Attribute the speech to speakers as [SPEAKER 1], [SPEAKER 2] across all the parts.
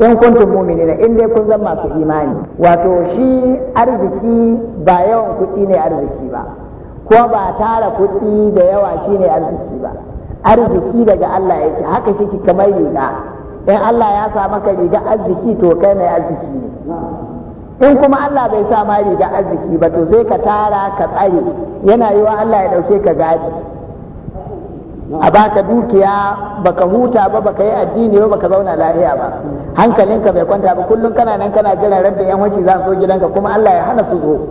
[SPEAKER 1] in kuntum mu'minina in dai kun zama masu imani wato shi arziki ba yawan kuɗi ne arziki ba ko ba tara kuɗi da yawa shi ne arziki ba arziki daga Allah yake haka shi kamar riga in Allah ya sa maka riga arziki to kai mai arziki ne in kuma Allah bai sa ma riga arziki ba to sai ka tara ka tsare yana yiwa Allah ya ɗauke ka gadi a baka dukiya baka huta ba baka yi addini ba baka zauna lahiya ba hankalinka bai kwanta ba kullum kana nan kana jiran rabbi yan washi za su zo gidanka kuma Allah ya hana su zo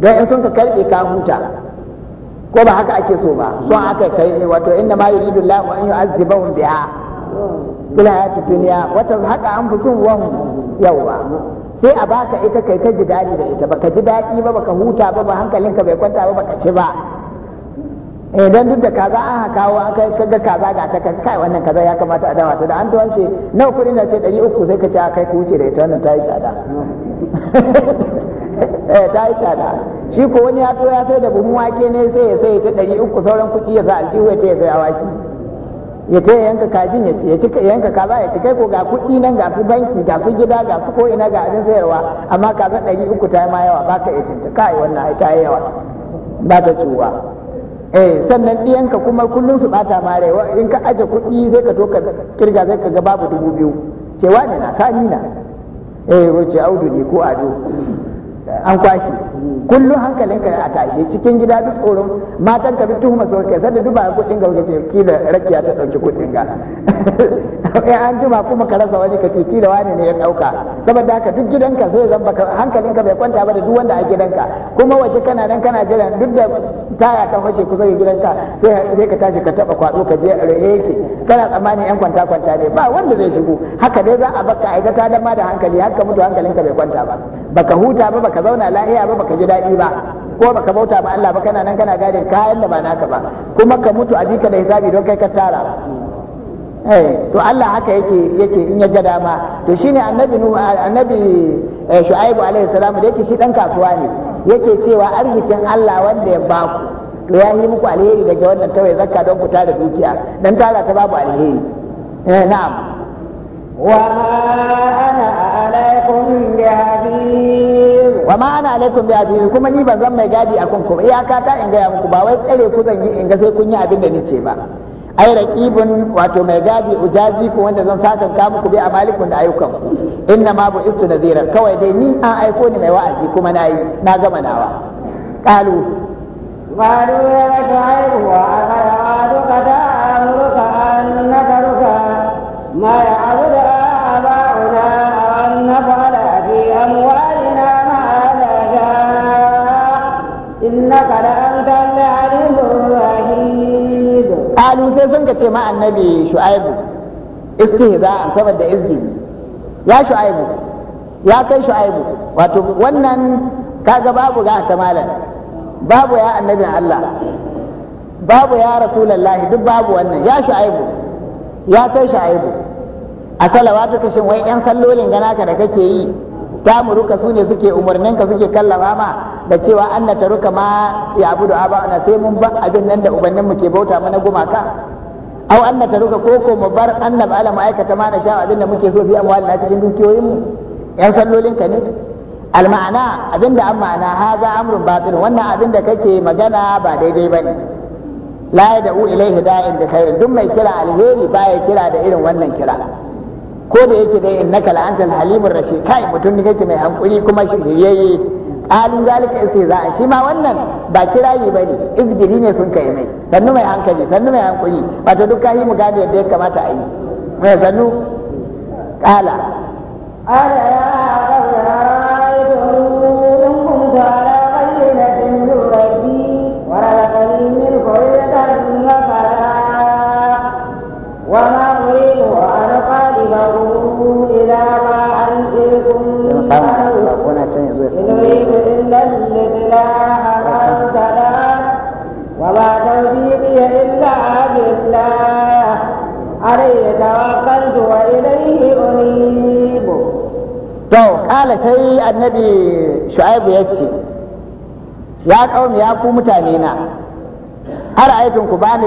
[SPEAKER 1] don in sun ka karbe ka huta ko ba haka ake so ba so aka kai wato inna ma yuridu Allah an yu'azzibahum biha ya ci duniya wa haka an wa hum yawma sai a baka ita kai ta ji dadi da ita baka ji dadi ba baka huta ba ba hankalinka bai kwanta ba baka ci ba Idan eh, duk da kaza aka kawo aka kaga kaza ga ta kai wannan kaza ya kamata a dawa ta da an ce, nawa kudin da ce 300 sai ka ce kai ku wuce da ita wannan ta yi tsada eh ta yi tsada shi ko wani ya to ya sai da buhun wake ne sai ya sai ta 300 sauran kuɗi ya sa aljihu ya ya sai awaki ya ce yanka kajin ya ce ya yanka kaza ya ci kai ko ga kuɗi nan ga su banki ga su gida ga su ko ina ga abin sayarwa amma kaza 300 ta yi ma yawa baka ya cinta kai wannan ai ta yi yawa ba ta ciwa eh sannan ɗiyanka kuma kullum su bata mare in ka aje kuɗi sai ka toka kirga sai ka ga babu dubu biyu cewa ne na sani na eh wace audu ne ko ado an kwashe kullum hankalinka a tashe cikin gida duk tsoron matan ka duk tuhuma su kai da duba kuɗin ga kace kila rakiya ta dauki kuɗin ga eh an jima kuma ka rasa wani kace kila wani ne ya dauka saboda haka duk gidanka zai zamba hankalinka bai kwanta ba da duk wanda a gidanka kuma waje kana nan kana jira duk da taya ta fashe kusa da gidanka sai sai ka tashi ka taba kwado ka je yake kana tsammanin yan kwanta kwanta ne ba wanda zai shigo haka dai za a baka aikata da ma da hankali haka mutu hankalinka bai kwanta ba baka huta ba baka ka zauna lahiya ba baka ji daɗi ba ko baka bauta ba Allah ba kana nan kana gadin kayan da ba naka ba kuma ka mutu a bika da hisabi don kai ka tara eh, to Allah haka yake yake in ya ga dama to shine annabi annabi eh, Shu'aibu alaihi salam da yake shi dan kasuwa ne yake cewa arzikin Allah wanda ya baku to ya yi muku alheri daga wannan tawaye zakka don ku tara dukiya dan tara ta babu alheri eh na'am
[SPEAKER 2] wa ana alaikum
[SPEAKER 1] wa ma ana alaikum bi abi kuma ni ban zan mai gadi a akan ba iyaka ta in gaya muku ba wai tsare ku zan yi in ga sai kun yi abin da ni ce ba ai raqibun wato mai gadi ujazi ku wanda zan sakan ka muku bi amalikun da ayyukan ku inna ma istu nadhiran kawai dai ni an aiko ni mai wa'azi kuma nayi na gama nawa qalu qalu sai sun ka ce ma annabi shu'aibu istihza'an saboda izgidi ya shu'aibu ya kai shu'aibu wato wannan kaga babu ga ta malam babu ya annabi Allah babu ya rasulullahi duk babu wannan ya shu'aibu ya kai shu'aibu a salawatu kashin wai yan sallolin gana ka da kake yi muruka su ne suke umarnin ka suke kallafa ma da cewa an na taruka ma ya abu da aba sai mun bar abin nan da ubannin mu ke bauta mana gumaka au an na taruka ko ko mu bar an na ba'ala ma'aikata ma na sha abin da muke so biya muwalla cikin dukiyoyin mu yan sallolin ka ne alma'ana abin da an ma'ana haza amrun batil wannan abin da kake magana ba daidai bane la da u ilaihi da'in da khairin duk mai kira alheri baya kira da irin wannan kira ko da yake dai innaka la antal halimur rashid kai mutum ne kake mai hankuri kuma shiryayye qalu zalika a shi ma wannan ba kirari bane izgiri ne sun kai mai sannu mai hankali sannu mai hankuri wato duk kahi mu gane yadda ya kamata a yi mai eh, sannu qala
[SPEAKER 2] ala ya الله عليه annabi وإليه
[SPEAKER 1] أنيب تو ya سي النبي شعيب يتي يا قوم يا قوم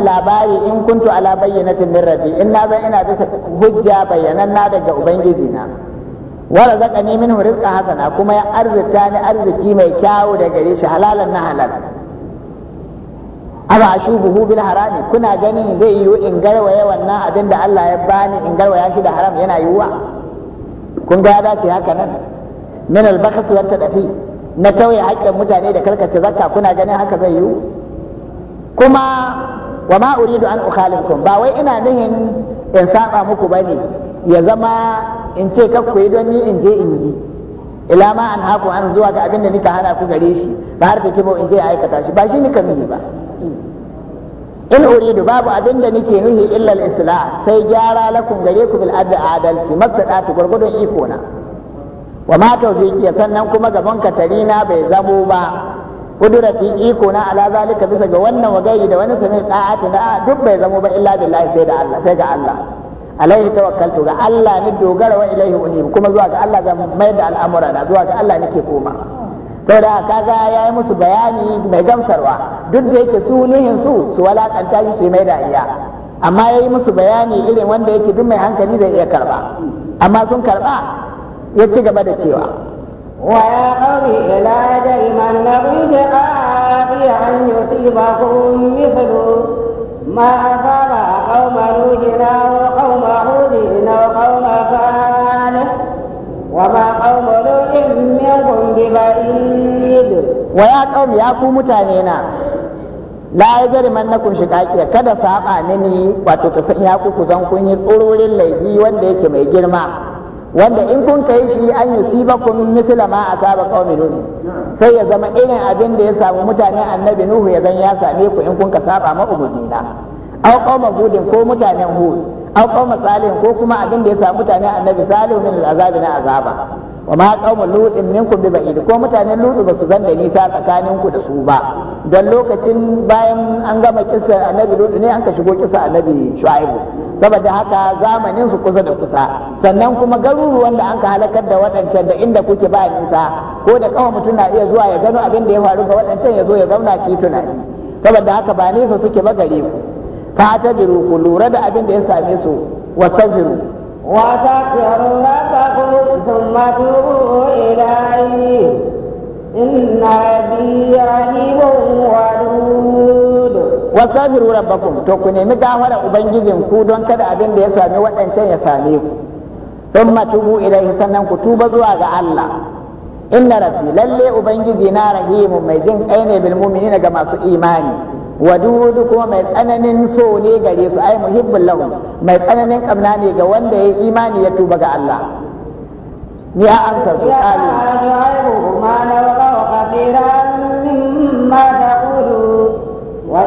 [SPEAKER 1] labari in kuntu ala bayyanatin min rabbi in na zan ina da hujja bayyananna daga na. wala zaka ne min rizqa hasana kuma ya arzita ni arziki mai kyawu da gare shi halalan na halal aba buhu bil harami kuna gani zai yiwu in garwaye wannan abin da Allah ya bani in garwaya shi da haram yana yiwuwa kun ga dace haka nan min al bakhs wa tadafi na tauye haƙƙin mutane da karkace zakka kuna ganin haka zai yiwu kuma wa ma uridu an ukhalikum ba wai ina nihin in saba muku bane ya zama in ce kakku yi don ni in je in yi ila ma an haku an zuwa ga abin da nika hana ku gare shi ba har take in je aikata shi ba shi nika mihi ba in uridu babu abin da nake nuhi illal isla sai gyara lakum gare ku bil adalci ta gurgudun iko na wa ma tawfiqi sannan kuma gaban katarina bai zamo ba kudurati iko na ala zalika bisa ga wannan wagayi da wani sami da'ati na duk bai zamo ba illa billahi sai da Allah sai ga Allah alaihi tawakkaltu ga Allah ni dogara wa ilaihi unib kuma zuwa ga Allah zan mai da al'amura na zuwa ga Allah nake koma sau da kaga ya yi musu bayani mai gamsarwa duk da yake su nuhin su su walakanta shi su mai dariya amma ya yi musu bayani irin wanda yake duk mai hankali zai iya karba amma sun karba ya ci gaba da cewa ويا قوم لا
[SPEAKER 2] تجمنكم شقائي أن
[SPEAKER 1] بعيد ويا ya يا كو متانينا la ya man na kun shiga kada saba mini wato ta san ya ku zan kun yi tsororin laifi wanda yake mai girma wanda in kun kai shi an yi siba kun misila ma a saba kawai sai ya zama irin abin da ya samu mutane annabi nuhu ya zan ya same ku in kun ka saba ma ubudina au qauma hudin ko mutanen hud au qauma ko kuma abin da ya samu mutane annabi salihu min al'azabi na azaba wa ma kauma ludin minkum bi ba'id ko mutanen ludu ba su zan da nisa tsakanin ku da su ba don lokacin bayan an gama kisa annabi ludu ne an ka shigo kisa annabi shu'aibu saboda haka zamanin su kusa da kusa sannan kuma garuruwan da an ka halakar da waɗancan da inda kuke ba nisa ko da kawai mutum na iya zuwa ya gano abin da ya faru ga waɗancan ya zo ya zauna shi tunani saboda haka ba nesa suke ba gare ku fa ta biru ku lura da abin da ya same su wa tafiru وتكفر
[SPEAKER 2] ربكم ثم توبوا
[SPEAKER 1] to ku nemi gafara ubangijin ku don kada abin da ya sami waɗancan ya same ku thumma tubu ilaihi sannan ku tuba zuwa ga Allah inna rafi lalle ubangiji na rahimu mai jin kai ne bil ga masu imani wadudu kuma mai tsananin so ne gare su ai muhibbul lahum mai tsananin kamna ne ga wanda ya imani ya tuba ga Allah ni a amsa su kalu wa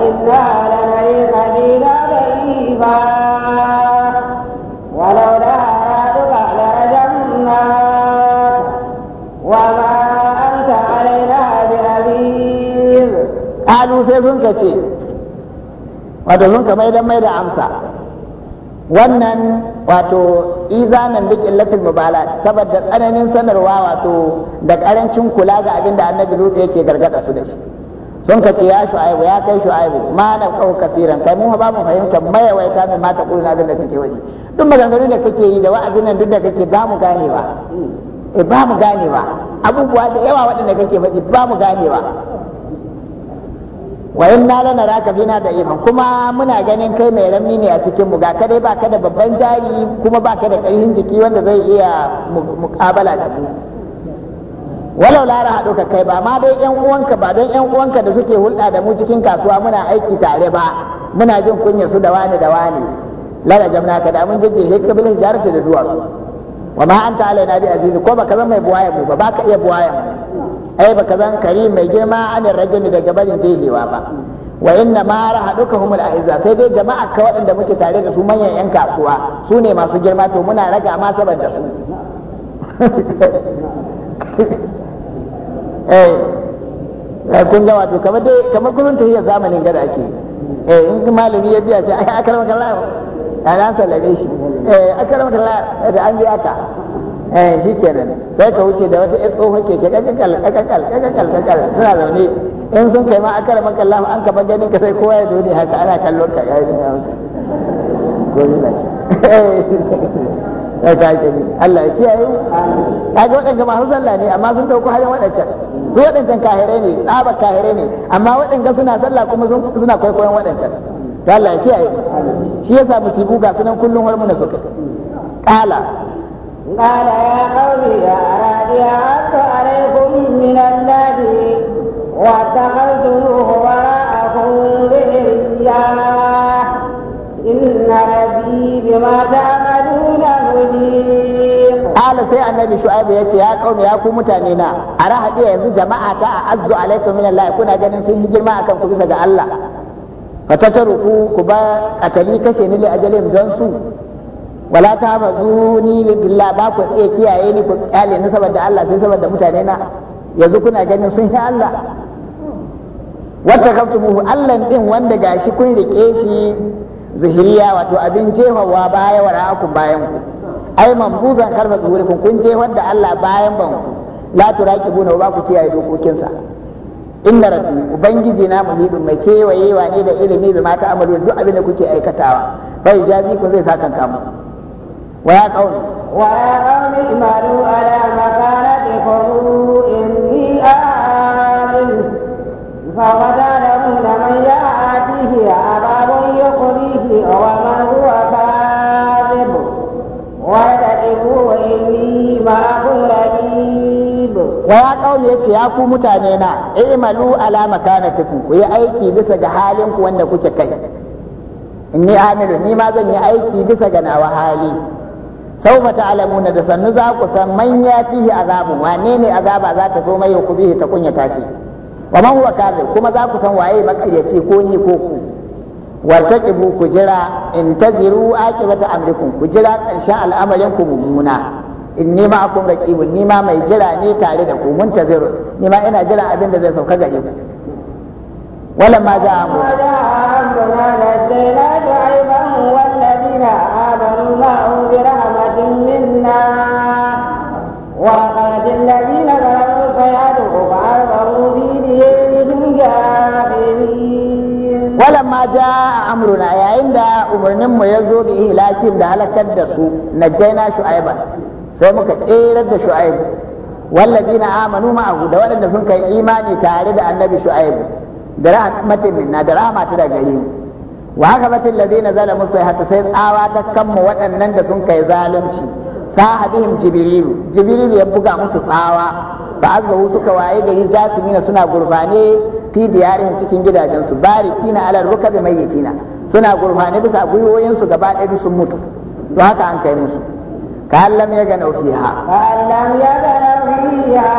[SPEAKER 1] sai sun ka ce wato sun ka mai da mai da amsa wannan wato izanan bikin latin mubala saboda tsananin sanarwa wato da karancin kula ga abin da annabi lutu yake gargada su da shi sun ka ce ya shu'aibu ya kai shu'aibu ma na kawo kasiran kai mu ba mu fahimta ta mai mata kulun abin da kake waje duk maganganu da kake yi da wa'azin nan duk da kake ba mu ganewa e ba mu ganewa abubuwa da yawa waɗanda kake faɗi ba mu ganewa wa na lana raka fina da iman kuma muna ganin kai mai ramni ne a cikin mu ga ka dai baka da babban jari kuma baka da ƙarfin jiki wanda zai iya mukabala da mu walau lara haɗu ka kai ba ma dai yan uwanka ba don yan uwanka da suke hulɗa da mu cikin kasuwa muna aiki tare ba muna jin kunya su da wani da wani jamna ka da mun jajjehe ka bil hijarati da duwatsu wa ma anta alaina bi azizi ko baka zama mai buwaye mu ba baka iya buwaye ai baka zan kari mai girma anin rajami daga barin jehewa ba wa inna ma rahaduka humul aiza sai dai jama'a ka waɗanda muke tare da su manyan yan kasuwa su ne masu girma to muna raga ma saboda su eh, eh kun ga wato kamar dai kamar kullun tahiyar zamanin gada ake eh in malami ya biya ta ai akaramaka Allah eh, ya ran sallame shi eh akaramaka Allah eh, da an biya ka eh shi kenan sai ka wuce da wata ka kakal kakakal kakakal kakakal kakakal suna zaune in sun kai ma aka rama kallon an kafa ganin ka sai kowa ya zo ne haka ana kallon ka yayi ya wuce ko ni ba ya ka gani Allah ya kiyaye kaga waɗanda masu sallah ne amma sun dauko halin waɗancan su waɗancan kahirai ne tsaba kahirai ne amma waɗanda suna sallah kuma suna kwaikwayon waɗancan Allah ya kiyaye shi yasa musibu ga sunan kullun so suka kala
[SPEAKER 2] قال يا قومي يا أرادي أعدت عليكم من النبي واتخذتموه وراءكم ذريا إن ربي بما تعملون
[SPEAKER 1] قال سي النبي شعيب يتي يا قوم يا كو متانينا ارا حدي yanzu jama'a ta azzu alaikum min Allah kuna ganin sun yi girma akan ku bisa ga Allah fatataruku ku bar katali kashe ni li ajalin don su wala ta mazu ni billah ba ku iya kiyaye ni ku kyale ni saboda Allah sai saboda mutane na yanzu kuna ganin sun yi Allah wata kaftumuhu Allah din wanda gashi kun rike shi zahiriya wato abin jehawa baya wa ra'akun bayan ku ai mambuzan karfa zuhurikun kun jefar da Allah bayan ban ku la buna ba ku kiyaye dokokinsa inna rabbi ubangiji na muhibin mai kewayewa ne da ilimi bi mata amalu duk abin da kuke aikatawa bai jazi ku zai saka kamu ويا قوم ويا
[SPEAKER 2] قوم اعملوا على مكانتكم اني تعلمون من ياتيه عذاب ومن هو كاذب وارتقبوا اني معكم رقيب
[SPEAKER 1] ويا قوم yace ya ku mutane na i'malu ala makanatikum ku yi aiki bisa ga halinku wanda kuke kai inni amilu ni ma zan yi aiki bisa ga nawa hali ta ta'lamuna da sannu za ku san man fihi azabu wane ne azaba za ta zo mai ya kuzihi ta kunya tashi wa man huwa kazib kuma za ku san waye makaryaci ko ni ko ku wartaqibu ku jira in taziru aqibata amrikum ku jira karshen al'amarin ku mummuna in ni ma akum raqibun ni ma mai jira ne tare da ku mun taziru ni ma ina jira abin da zai sauka gare ku wala ma ja'a
[SPEAKER 2] amruna منا وقالت الذين ظلموا سيدهم أربعوا
[SPEAKER 1] في دينهم
[SPEAKER 2] جاثمين ولما
[SPEAKER 1] جاء أمرنا يا عند أمرنا يزو بإهلاكهم ده هلكت نجينا شعيبا sai muka tserar da shu'aibu wallazina amanu ma'ahu da waɗanda sun kai imani tare da annabi shu'aibu da rahmatin minna da rahama ta da gare mu wa haka batin ladina zalamu sai sai tsawa kanmu waɗannan da sun kai zalunci sahabihim jibrilu jibrilu ya buga musu tsawa fa azbahu suka waye gari jasimina suna gurbane fi diyarihim cikin gidajensu barikina ala rukabi mayyitina suna gurbane bisa su gaba ɗaya sun mutu to haka an kai musu ka lam ya gana fiha
[SPEAKER 2] kallam ya gana fiha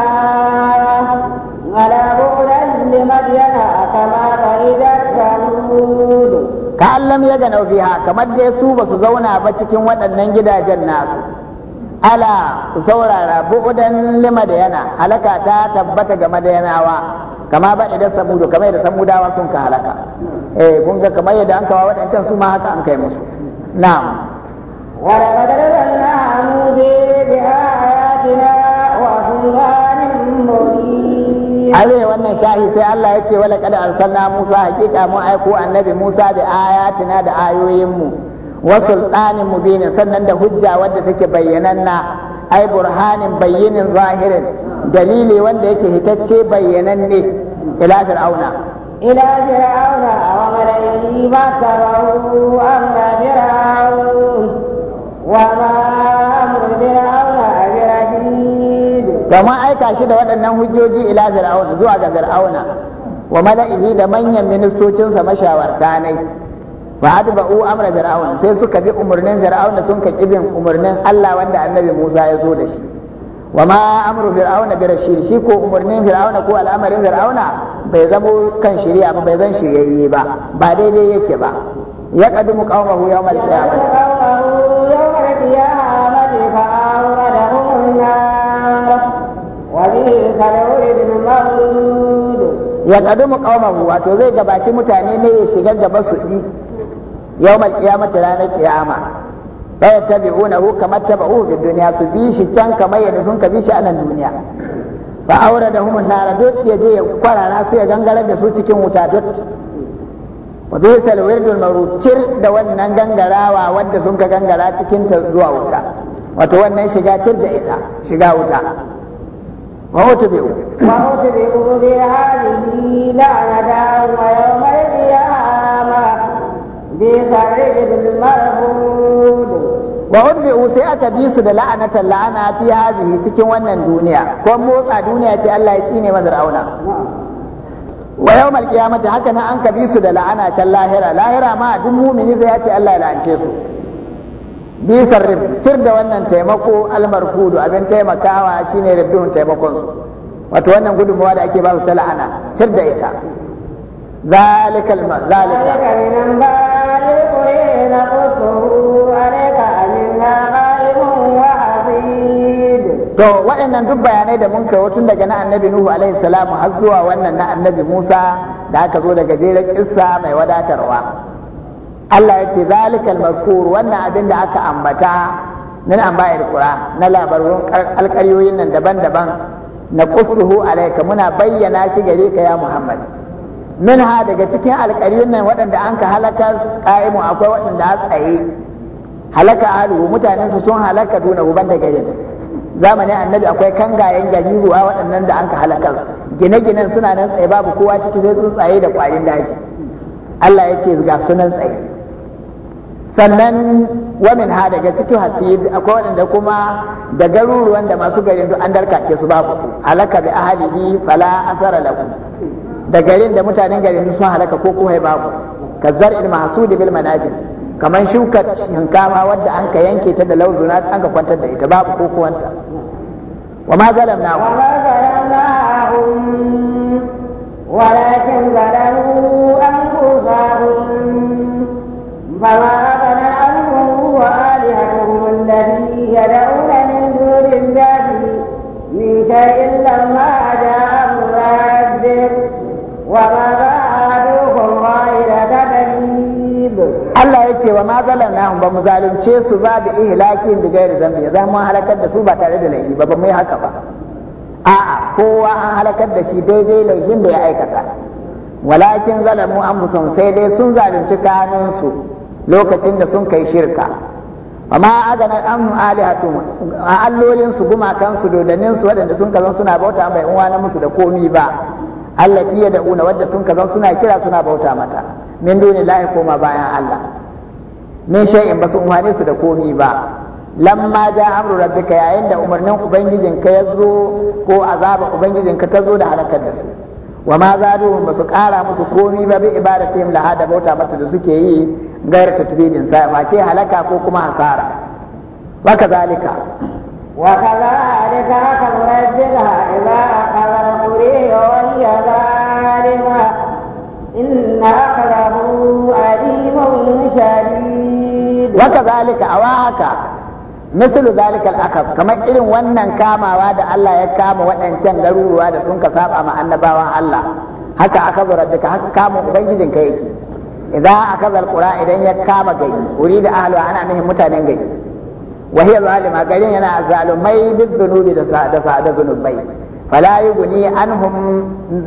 [SPEAKER 2] ala bulan limadiyana kama baridar samud
[SPEAKER 1] ka ya gana fiha kamar dai su basu zauna ba cikin waɗannan gidajen nasu ala ku saurara bu'udan lima da yana halaka ta tabbata ga madayanawa kama ba idan samudu kamar yadda samudawa sun ka halaka eh kun ga kamar yadda an kawo waɗancan su ma haka an kai musu na'am wa laqad
[SPEAKER 2] arsalna musa bi ayatina wa sulmanin mubin
[SPEAKER 1] alai wannan shahi sai Allah ya ce wa laqad arsalna musa haqiqa mun aiko annabi musa bi ayatina da ayoyin mu wa sultanin mubinin sannan da hujja wadda take na ai burhanin bayyinin zahirin dalili wanda yake hitacce bayyananne ila fir'auna ila
[SPEAKER 2] fir'auna wa malaihi ma kafaru amma fir'aun wa ma amru fir'auna abirashid
[SPEAKER 1] kuma aika shi da waɗannan hujjoji ila fir'auna zuwa ga fir'auna wa mala'ihi da manyan ministocinsa mashawarta nai. ba adba'u amra fir'auna sai suka bi umurnin fir'auna sun ka kibin umurnin Allah wanda annabi Musa ya zo da shi wa ma amru fir'auna bi rashid shi ko umurnin fir'auna ko al'amarin fir'auna bai zamo kan shari'a ba bai zan shiyayye ba ba daidai yake ba ya qadumu qaumahu yawmal qiyamah ya kadumu qaumahu wato zai gabaci mutane ne ya shiga gaba su bi Yau, yawmal qiyamati ranar kiyama, qiyama fa kamar taba uku bin duniya su bi shi can kamar yadda sun ka bi shi a nan duniya Ba aure da humun nara duk ya je ya kwarara su ya gangarar da su cikin wuta duk wa bi sal wirdul marutir da wannan gangarawa wadda sun ka gangara cikin ta zuwa wuta wato wannan shiga cir da ita shiga wuta wa wuta bi'u wa wuta bi'u bi
[SPEAKER 2] hadhihi la'ada wa yawmal qiyamah wa
[SPEAKER 1] مرفوض sai aka bi su da la'anatan la'ana fi hazihi cikin wannan duniya ko motsa duniya ce Allah ya tsine mazar auna wa yawmal qiyamati haka nan an ka bi su da la'ana can lahira lahira ma duk mumini zai ce Allah ya la'ance su bi sarrif cir da wannan taimako almarfudu abin taimakawa shine rabbun taimakon su wato wannan gudunmawa da ake ba su ta la'ana cir da ita ذلك الماء ذلك To waɗannan duk bayanai da mun kai tun daga na annabi Nuhu alaihi salamu har zuwa wannan na annabi Musa da aka zo daga jerin kissa mai wadatarwa. Allah ya ce zalikal mazkur wannan abin da aka ambata na ambayar kura na labarun alƙaryoyin nan daban-daban na qussuhu alayka muna bayyana shi gare ka ya Muhammad. minha daga cikin alƙaryun nan waɗanda an ka halaka ƙa'imu akwai waɗanda a tsaye halaka aluhu mutanen su sun halaka duna uban da garin zamanin annabi akwai kangayen gari ruwa waɗannan da an ka halaka gine-ginen suna nan tsaye babu kowa ciki sai tsuntsaye da ƙwarin daji Allah ya ce ga sunan tsaye sannan wamin ha daga cikin hasid akwai waɗanda kuma da garuruwan da masu garin duk an darkake su babu su halaka bi ahalihi fala asara lahu da garin da mutanen garin sun halaka ko kuma babu kazzar il mahsud bil manajin kaman shuka shinkafa wadda an ka yanke ta da lauzuna an ka kwantar da ita babu ko kuwanta wa ma zalamna wa ma
[SPEAKER 2] zalamnahum walakin zalamu anfusahum fama abana anhum wa alihatuhum alladhi yad'una min dunillahi min shay'in
[SPEAKER 1] ce ba ma zalamnahum ba mu zalunce su ba da ihlakin bi gairi zambi za zama halakar da su ba tare da laifi ba ba mai haka ba a'a kowa an halakar da shi daidai laifin da ya aikata walakin zalamu anfusum sai dai sun zalunci kanunsu lokacin da sun kai shirka amma agana an alihatum a allolin su gumakan su dodannin su waɗanda sun kazan suna bauta mai uwa na musu da komi ba allati ya da'una wadda sun kazan suna kira suna bauta mata min duni lahi koma bayan Allah min shay'in basu umarni su da komi ba lamma ja amru rabbika yayin da umarnin ka ya zo ko azaba ka ta zo da halakar da su wa ma zaduhum basu kara musu komi ba bi ibadatihim la hada bauta mata da suke yi gairar tatbidin sa ba, ce halaka ko kuma hasara wa kazalika
[SPEAKER 2] wa kazalika haka rabbika idza aqala al-quri wa yadalima zalima inna aqlahu alim
[SPEAKER 1] Baka zalika a wa aka, musulun zalikar aka kamar irin wannan kamawa da Allah ya kama waɗancan garuruwa da sun ka saba ma'anabawan Allah. Haka aka zarra da kama ubangijin ka ya ke. Za a kazar idan ya kama gari. uri da ahal ana muhimmin mutanen gari. Wani ya zaluma garin yana zalumai, biyar zunubi da tsada da zunubai. Falayugu ne an hau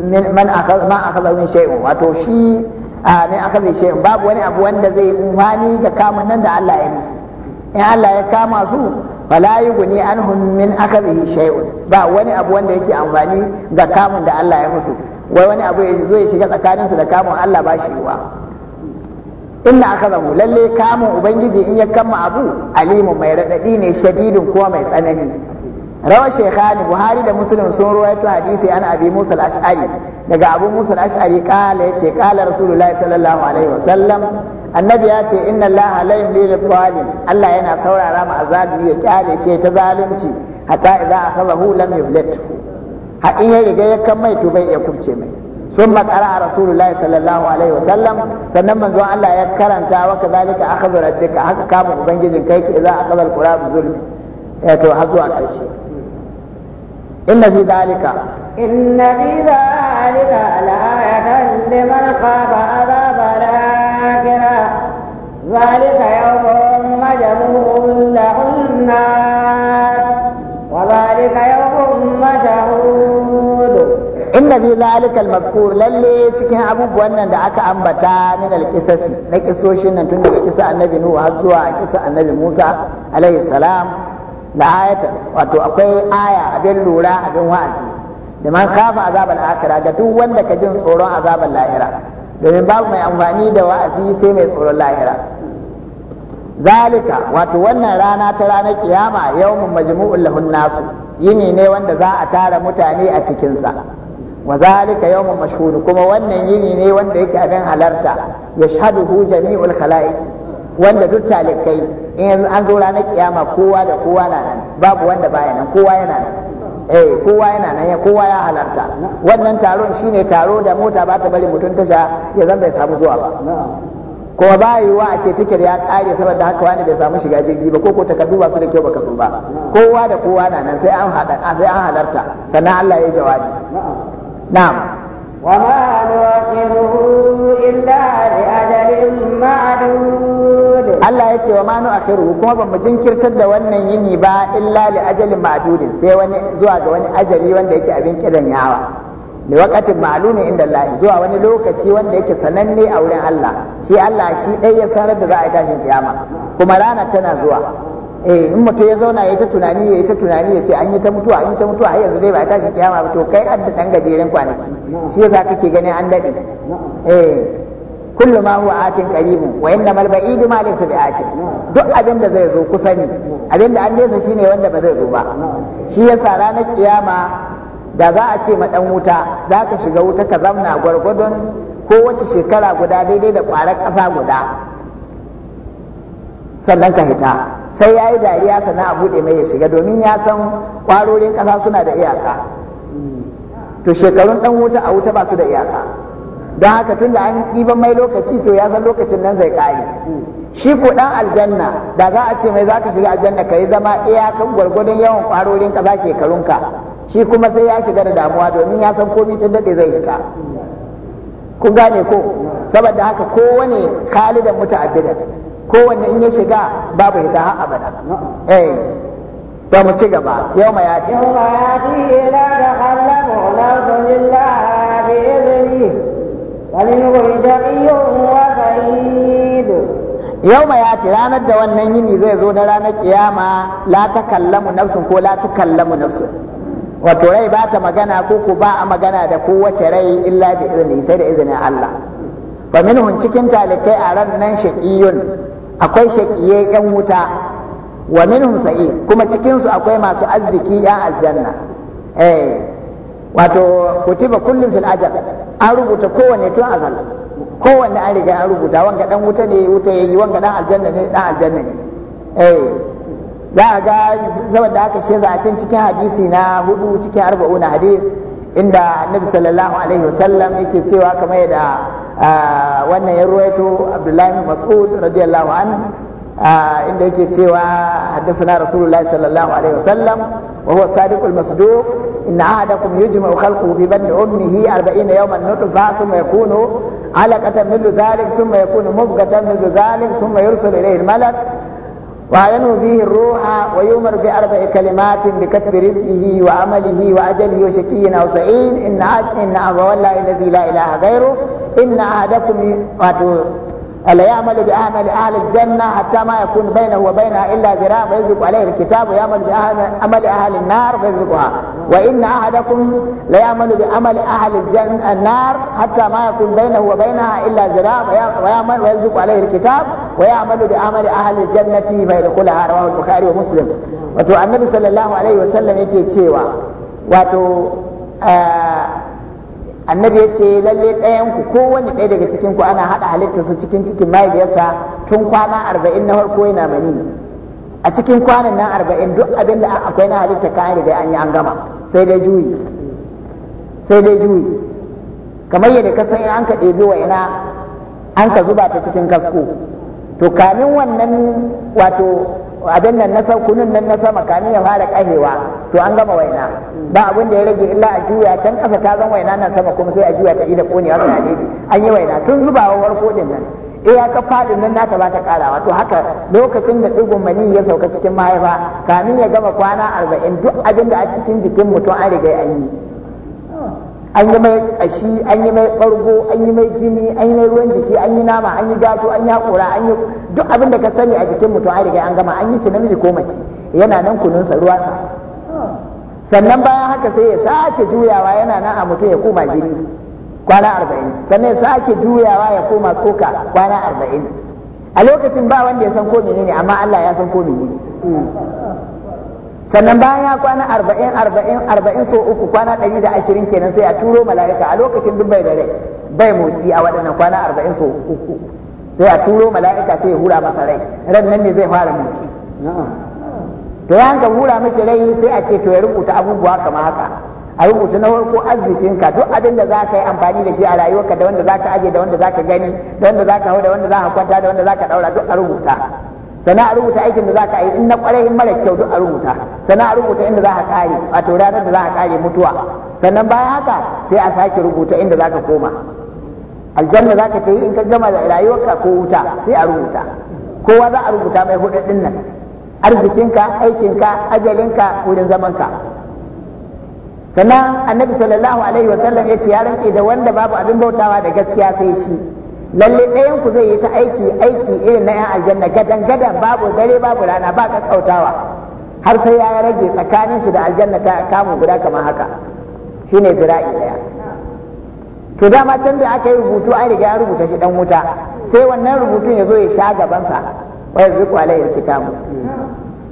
[SPEAKER 1] min a kazar wani sha'i wato shi. a mai aka zai shi babu wani abu wanda zai umfani ga kamun nan da Allah ya nisa in Allah ya kama su fala yughni anhum min akhihi shay'un ba wani abu wanda yake amfani ga kamun da Allah ya musu wai wani abu ya zo ya shiga tsakanin su da kamun Allah ba shi ruwa inna akhadahu lalle kamun ubangiji in ya kama abu alimun mai radadi ne shadidun kuma mai tsanani rawa shaykhani buhari da muslim sun ruwaito hadisi ana abi musa al-ash'ari daga abun musa al-ash'ari kala yace kala rasulullahi sallallahu alaihi ya ce inna allaha allah yana saurara ma azalimi ya kyale shi ta zalunci hatta idza akhadahu lam yuflithu har in ya riga ya kan mai to bai iya kubce mai sun makara a rasulullahi sallallahu sannan manzon Allah ya karanta wa kazalika akhadhu rabbika haka kama ubangijin kai ke za akhadha alqura bi zulmi eh to har zuwa karshe إن في ذلك
[SPEAKER 2] إن في ذلك لآية لمن خاف عذاب الآخرة ذلك يوم مجموع له الناس
[SPEAKER 1] وذلك يوم مشهود إن في ذلك المذكور للي تكين أبو بوانا دعك أنبتا من القصص نكسوشن تنك قصة النبي نوح الزوا قصة النبي موسى عليه السلام la wato akwai aya abin lura abin wa'azi da man kafa azabal akhirah ga duk wanda ka jin tsoron azabal lahira domin babu mai amfani da wa'azi sai mai tsoron lahira zalika wato wannan rana ta ranar kiyama yawmun majmu'ul lahun nasu yini ne wanda za a tara mutane a cikinsa wa zalika yawmun mashhur kuma wannan yini ne wanda yake abin halarta yashhaduhu jami'ul khalaiqi wanda duk talikai in yanzu an zo ranar kiyama kowa da kowa na nan babu wanda baya nan kowa yana nan eh kowa yana nan ya kowa ya halarta wannan taron shine taro da mota ba ta bari mutum tasha ya zan ya samu zuwa ba kuma ba yiwuwa a ce tikir ya kare saboda haka wani bai samu shiga jirgi ba ko ko takardu ba su da kyau baka zo ba kowa da kowa na nan sai an halarta sannan Allah ya yi jawabi na'am
[SPEAKER 2] Wammanu a kirgu illa ne a dalilin
[SPEAKER 1] ma'adudin. Allah ya ce wa manu a kirgu. Kuma ba mu jinkirtar da wannan yini ba, in lali ajalin ma'adudin. Sai wani zuwa ga wani Zuwa wani lokaci wanda yake sananne a wurin Allah, shi Allah shi ya sanar da za a yi tashin ƙiyama. Kuma rana tana zuwa. eh in mutum ya zauna ya ta tunani ya ta tunani ya ce an yi ta mutuwa an yi ta mutuwa yanzu dai ba tashi kiyama ba to kai da dan gajeren kwanaki shi yasa kake ganin an dade eh kullu ma huwa atin qaribun wa inna mal su ma laysa bi'atin duk abin da zai zo kusa ne abin da an nesa shine wanda ba zai zo ba shi yasa ranar kiyama da za a ce ma dan wuta za ka shiga wuta ka zamna gwargwadon kowace shekara guda daidai da kwarar kasa guda sannan ka hita sai ya yi dariya sannan a buɗe mai ya shiga domin ya san ƙwarorin ƙasa suna da iyaka to shekarun ɗan wuta a wuta ba su da iyaka don haka tun da an ɗiban mai lokaci to ya san lokacin nan zai kare. shi ko ɗan aljanna da za a ce mai za ka shiga aljanna ka yi zama iyakan gwargwadon yawan ƙwarorin ƙasa shekarunka shi kuma sai ya shiga da damuwa domin ya san komi tun daɗe zai hita kun gane ko saboda haka kowane khalidan muta abidan kowanne in ya shiga babu ita haɓa abada eh to mu ci gaba yau ma ya ci. yau ma
[SPEAKER 2] ya yati la takhallamu nafsun illa bi
[SPEAKER 1] idni wa minhum shaqiyyun wa sa'id yau ma ya ce ranar da wannan yini zai zo na ranar kiyama la ta kallamu nafsun ko la ta kallamu nafsun wato rai ba ta magana ko ku ba a magana da kowace rai illa bi izini sai da izinin Allah Ba minhun cikin talikai a ran nan shaqiyun akwai shaƙiye 'yan wuta wa minhum sa'i kuma cikinsu akwai masu arziki 'yan aljanna eh wato kutiba kullum fil ajal an rubuta kowanne tun azal kowanne an riga an rubuta wanga dan wuta ne wuta yayi wanga dan aljanna ne dan aljanna ne eh za a ga saboda haka shi za a cikin hadisi na hudu cikin arba'una hadisi inda annabi sallallahu alaihi wasallam yake cewa kamar yadda ah, wannan ya ruwaito abdullahi mas'ud radiyallahu an ah, inda yake cewa haddathana rasulullahi sallallahu alaihi wasallam wa huwa sadiqul masduq inna ahadakum yujma'u khalquhu bi bandi ummihi 40 yawman nutfa thumma yakunu alaqatan mithlu dhalik thumma yakunu mudghatan mithlu dhalik thumma yursalu ilayhi al-malak وينمو فيه الروح ويؤمر بأربع كلمات بكتب رزقه وعمله وأجله وشقي أو سعيد إن إن ولا الذي لا إله غيره إن أحدكم ألا يعمل بأعمال أهل الجنة حتى ما يكون بينه وبينها إلا ذراع فيسبق عليه الكتاب ويعمل بأعمال أهل النار فيسبقها وإن أحدكم ليعمل بأعمال أهل الجنة النار حتى ما يكون بينه وبينها إلا ذراع ويعمل ويسبق عليه الكتاب ويعمل بأعمال أهل الجنة فيدخلها رواه البخاري ومسلم وتو النبي صلى الله عليه وسلم يكي تشيوا وتو آه annabi ya ce lalle ɗayan ku kowane ɗaya daga cikin ku ana haɗa halittarsa cikin cikin mahaifiyarsa tun kwana arba'in na farko yana mani a cikin kwanan nan arba'in duk abin da akwai na halitta ka an riga an yi an gama sai dai juyi sai dai juyi kamar yadda ka san an ka ɗebi ina an ka zuba ta cikin kasko to kamin wannan wato abin nan na kunun nan na sama kamin ya fara kahewa to an gama waina ba abin da ya rage illa a juya can kasa ta zan waina nan sama kuma sai a juya ta ida kone haka ne an yi waina tun zubawa warko din nan eh ya ka fadin nan nata ba ta karawa to haka lokacin da digun mani ya sauka cikin mahaifa kamin ya gama kwana arba'in duk abin da a cikin jikin mutum an riga an yi an yi mai ƙashi an yi mai ɓargo an yi mai jini an yi mai ruwan jiki an yi nama an yi gasu, an yi haƙura, an yi duk abin da ka sani a jikin mutum an riga an gama an yi shi namiji ko mace yana nan kunun sa ruwa sa. sannan bayan haka sai ya sake juyawa yana nan a mutum ya koma jini kwana arba'in sannan ya sake juyawa ya koma tsoka kwana arba'in a lokacin ba wanda ya san ko menene amma Allah ya san ko menene sannan bayan ya kwana arba'in arba'in arba'in so uku kwana ɗari da ashirin kenan sai a turo mala'ika a lokacin duk bai da rai bai motsi a waɗannan kwana arba'in so uku sai a turo mala'ika sai ya hura masa rai ran nan ne zai fara motsi to ya ka hura mashi rai sai a ce to ya rubuta abubuwa kamar haka a rubuta na farko ka duk abin da zaka yi amfani da shi a rayuwarka da wanda za ka aje da wanda za gani da wanda za ka hau da wanda za kwanta da wanda za ka ɗaura duk a rubuta sannan a rubuta aikin da za ka yi in na kwarai mara kyau duk a rubuta sana a rubuta inda za ka kare wato ranar da za ka kare mutuwa sannan bayan haka sai a sake rubuta inda za ka koma aljanna za ka ta yi in ka gama da ka ko wuta sai a rubuta kowa za a rubuta mai hudadin nan arzikinka aikinka ajalinka wurin zamanka sannan annabi sallallahu alaihi wasallam ya ce ya rantse da wanda babu abin bautawa da gaskiya sai shi lalle ɗayan ku zai yi ta aiki aiki irin na 'yan aljanna gadan gadan babu dare babu rana ba kakkautawa har sai ya rage tsakanin shi da aljanna ta kamun guda kamar haka shine zira'i ɗaya to dama can da aka yi rubutu an riga ya rubuta shi dan wuta sai wannan rubutun ya zo ya sha gabansa wa yanzu kwalayar kitabu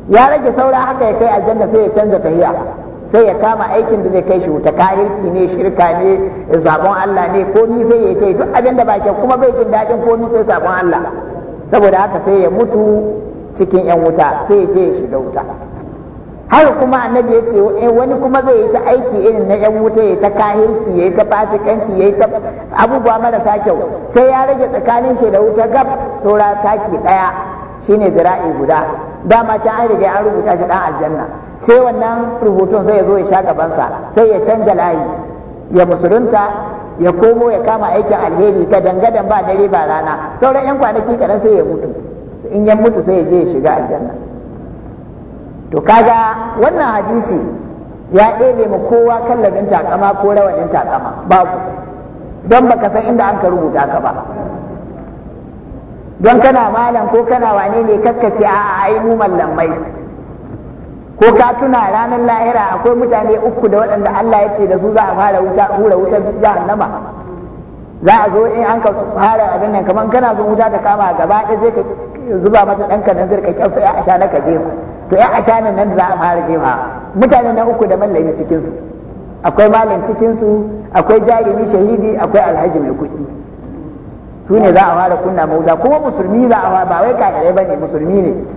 [SPEAKER 1] ya rage saura haka ya kai aljanna sai ya canza tahiya sai ya kama aikin da zai kai shi wuta kahirci ne shirka ne sabon Allah ne ni sai ya kai duk abin da ba kyau kuma bai jin daɗin ni sai sabon Allah saboda haka sai ya mutu cikin yan wuta sai ya je ya shiga wuta haka kuma annabi ya ce eh, wani kuma zai yi ta aiki irin na yan wuta ya ta kahirci ya ta fasikanci ya ta abubuwa marasa kyau sai ya rage tsakanin shi da wuta gab saura taki ɗaya shine zira'i guda dama can an riga an rubuta shi dan aljanna sai wannan rubutun sai ya zo ya sha gabansa sai ya canja layi ya musulunta ya komo ya kama aikin alheri ka dangadan ba dare ba rana sauran yan kwanaki kadan sai ya mutu in ya mutu sai ya je ya shiga aljanna to kaga wannan hadisi ya ɗebe mu kowa kallabin takama ko rawanin takama babu don baka san inda an ka rubuta ka ba don kana malam ko kana wane ne kakkace a ai mallamai ko ka tuna ranar lahira akwai mutane uku da waɗanda Allah ya ce da su za a fara wuta hura wutar jahannama za a zo in an ka fara abin nan kamar kana zo wuta ta kama gaba ɗaya zai ka zuba mata ɗan ka nan zai ka kyauta ya asha ka jefa to ya asha nan nan za a fara jefa mutane na uku da mallami cikin su akwai malam cikin su akwai jarumi shahidi akwai alhaji mai kuɗi su ne za a fara kunna mauta kuma musulmi za a ba wai kafirai bane musulmi ne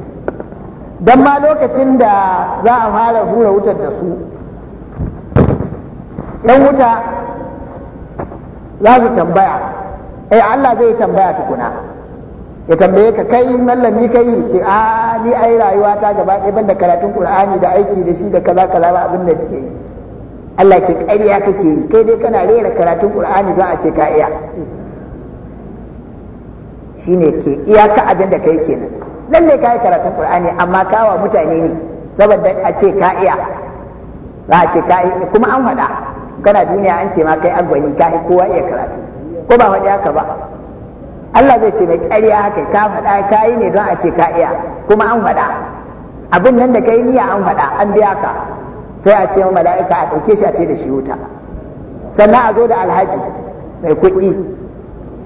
[SPEAKER 1] don ma lokacin da za a fara hura wutar da su yan wuta za su tambaya eh Allah zai tambaya tukuna ya tambaye ka kai mallami kai ce a ni ai rayuwa ta gaba ɗaya banda karatun qur'ani da aiki da shi da kaza kaza ba abin da ke yi Allah ce ƙarya kake yi kai dai kana rera karatun qur'ani don a ce ka iya shine ke iyaka abin da kai kenan lalle ka yi karatun qur'ani amma kawa mutane ne saboda a ce ka iya za a ce ka iya kuma an faɗa kana duniya an ce ma kai agwani ka yi kowa iya karatu ko ba faɗi haka ba Allah zai ce mai ƙarya haka ka faɗa ka yi ne don a ce ka iya kuma an faɗa abin nan da ka yi niyya an faɗa an biya ka sai a ce mala'ika a ɗauke shi a da shi wuta sannan a zo da alhaji mai kuɗi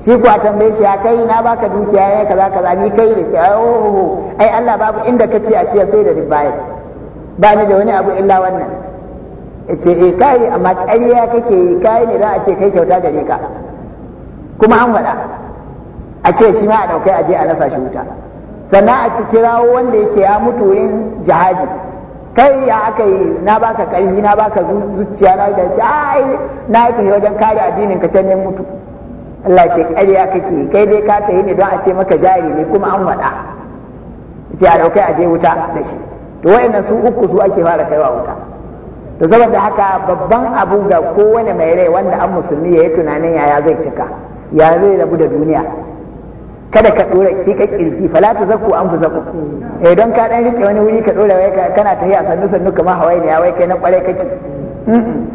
[SPEAKER 1] shi ku a tambaye shi ya kai na baka dukiya ya kaza kaza ni kai da ce oh, oh, oh ai Allah babu inda kace a ce sai da riba ba ni da wani abu illa wannan ce eh kai amma ƙarya kake yi kai ne da a ce kai kyauta gare ka kuma an faɗa a ce shi ma a ɗaukai a je a nasa shi wuta sannan a ci kirawo wanda yake ya mutu wurin jihadi kai ya aka yi na baka ƙarfi na baka zuciya na ga ce ai na yi wajen kare addinin ka can ne mutu Allah ce ƙarya kake kai dai ka tayi ne don a ce maka jari ne kuma an wada ce a ɗaukai a je wuta da shi to wayannan su uku su ake fara kaiwa wuta to saboda haka babban abu ga kowane mai rai wanda an musulmi ya yi tunanin yaya zai cika ya zai rabu da duniya kada ka dora ka kirji fala tu zakku an fi eh don ka dan rike wani wuri ka dora wai kana hiya sannu sannu kamar hawaye ne ya wai kai na kwarai kake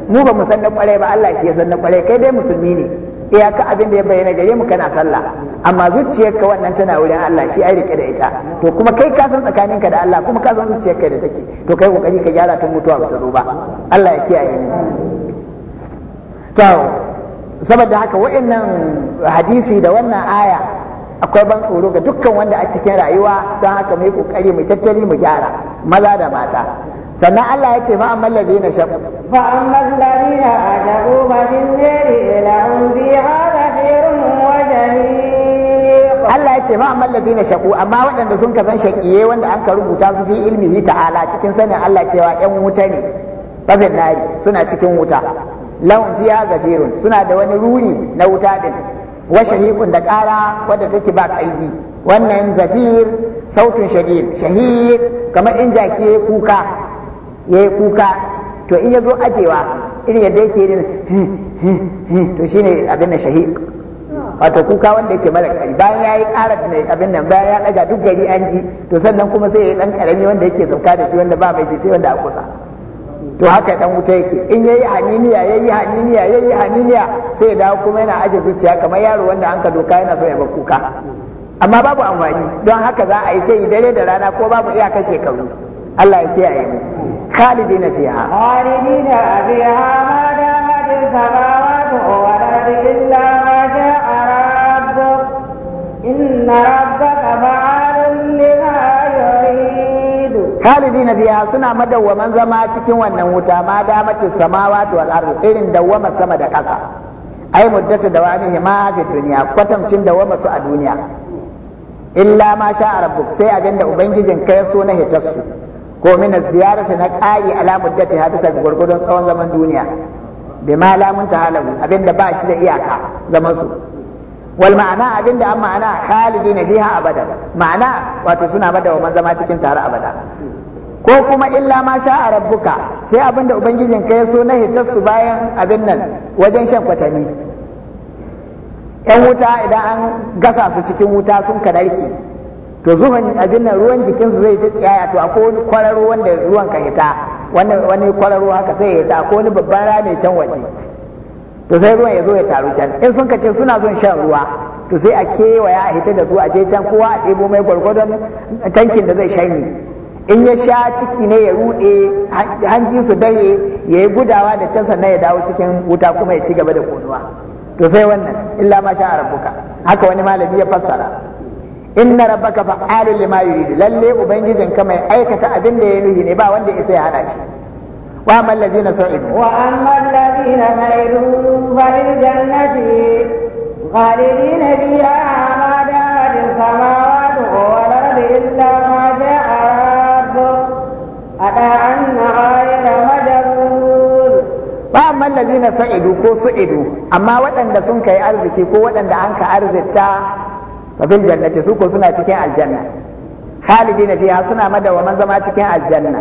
[SPEAKER 1] mu ba mu san na kwarai ba Allah shi ya san na kwarai kai dai musulmi ne iyaka abin da ya bayyana gare mu kana sallah amma zuciyarka wannan tana wurin Allah shi ai rike da ita to kuma kai ka san tsakaninka da Allah kuma ka san zuciyarka da take to kai kokari ka gyara tun mutuwa bata zo ba Allah ya kiyaye mu to saboda haka wa'annan hadisi da wannan aya akwai ban tsoro ga dukkan wanda a cikin rayuwa don haka mu yi kokari mu tattali mu gyara maza da mata sannan Allah ya ce ma amman ladina shaqu fa amman ladina ashaqu fa bin nari lahum fiha zafirun wa jahiq Allah ya ce fa amman ladina shaqu amma waɗanda sun kazan shaqiye wanda an ka rubuta su fi ilmihi ta'ala cikin sanin Allah cewa ƴan wuta ne fa bin nari suna cikin wuta lahum fiha zafirun suna da wani ruri na wuta din wa shahiqun da ƙara wadda take ba ƙarfi wannan zafir sautin shahid shahiq kamar in jaki kuka ya kuka to in yazo zo ajewa irin yadda yake yin to shine abin nan shahiq wato kuka wanda yake mara kari bayan ya yi ƙara mai abin nan bayan ya ɗaga duk gari an ji to sannan kuma sai ya yi ɗan ƙarami wanda yake sauka da shi wanda ba mai ji sai wanda a kusa to haka dan wuta yake in yayi haniniya yayi haniniya yayi haniniya sai ya dawo kuma yana aje zuciya kamar yaro wanda an ka doka yana so ya ba kuka amma babu amfani don haka za a yi ta yi dare da rana ko babu iyakar shekaru Allah ya kiyaye mu خالدين فيها خالدين فيها ما دامت السماوات والأرض
[SPEAKER 2] إلا ما شاء ربك إن ربك فعال لما يريد
[SPEAKER 1] خالدين فيها سنة مدى ومن زماتك والنموتى ما دامت السماوات والأرض إذن دوما السماء كسر ai muddata da wamihi ma fi duniya kwatamcin da wama su a duniya illa ma sha rabbuk sai abinda ubangijin ka ya so na hitarsu ko min na ƙari ala muddati ha bisa ga gwargwadon tsawon zaman duniya bi ma lamun tahalahu abinda ba shi da iyaka zaman su wal ma'ana abinda an ma'ana khalidin fiha abada ma'ana wato suna madawman zama cikin tare abada ko kuma illa ma sha'a rabbuka sai abinda ubangijin ka ya so na hitar su bayan abin nan wajen shan kwatami yan wuta idan an gasa su cikin wuta sun kanarki to zuhun abin nan ruwan jikinsu zai ta tsiyaya to akwai wani kwararo wanda ruwan ka hita wani wani kwararo haka sai ya hita akwai wani babban rami can waje to sai ruwan ya zo ya taru can in sun kace suna son shan ruwa to sai a kewaya a hita da su a je can kowa a ɗebo mai gwargwadon tankin da zai shanye in ya sha ciki ne ya rude, hanji su daye ya yi gudawa da can sannan ya dawo cikin wuta kuma ya ci gaba da konuwa to sai wannan illa ma sha'ar buka haka wani malami ya fassara inna rabba fa'alun lima yuridu lalle ubangijin ka mai aikata abin da ya nuhi ne ba wanda isa ya hada shi wa amma na sa'idu wa
[SPEAKER 2] amma allazina sa'idu fa lil jannati a fiha ma damat da kowalar da illa ma sha'a na ada da ghayra
[SPEAKER 1] Ba wa mallazi na sa'idu ko su'idu amma waɗanda sun kai arziki ko waɗanda an ka arzita wa jannati su ko suna cikin aljanna khalidina fiha suna madawwaman zama cikin aljanna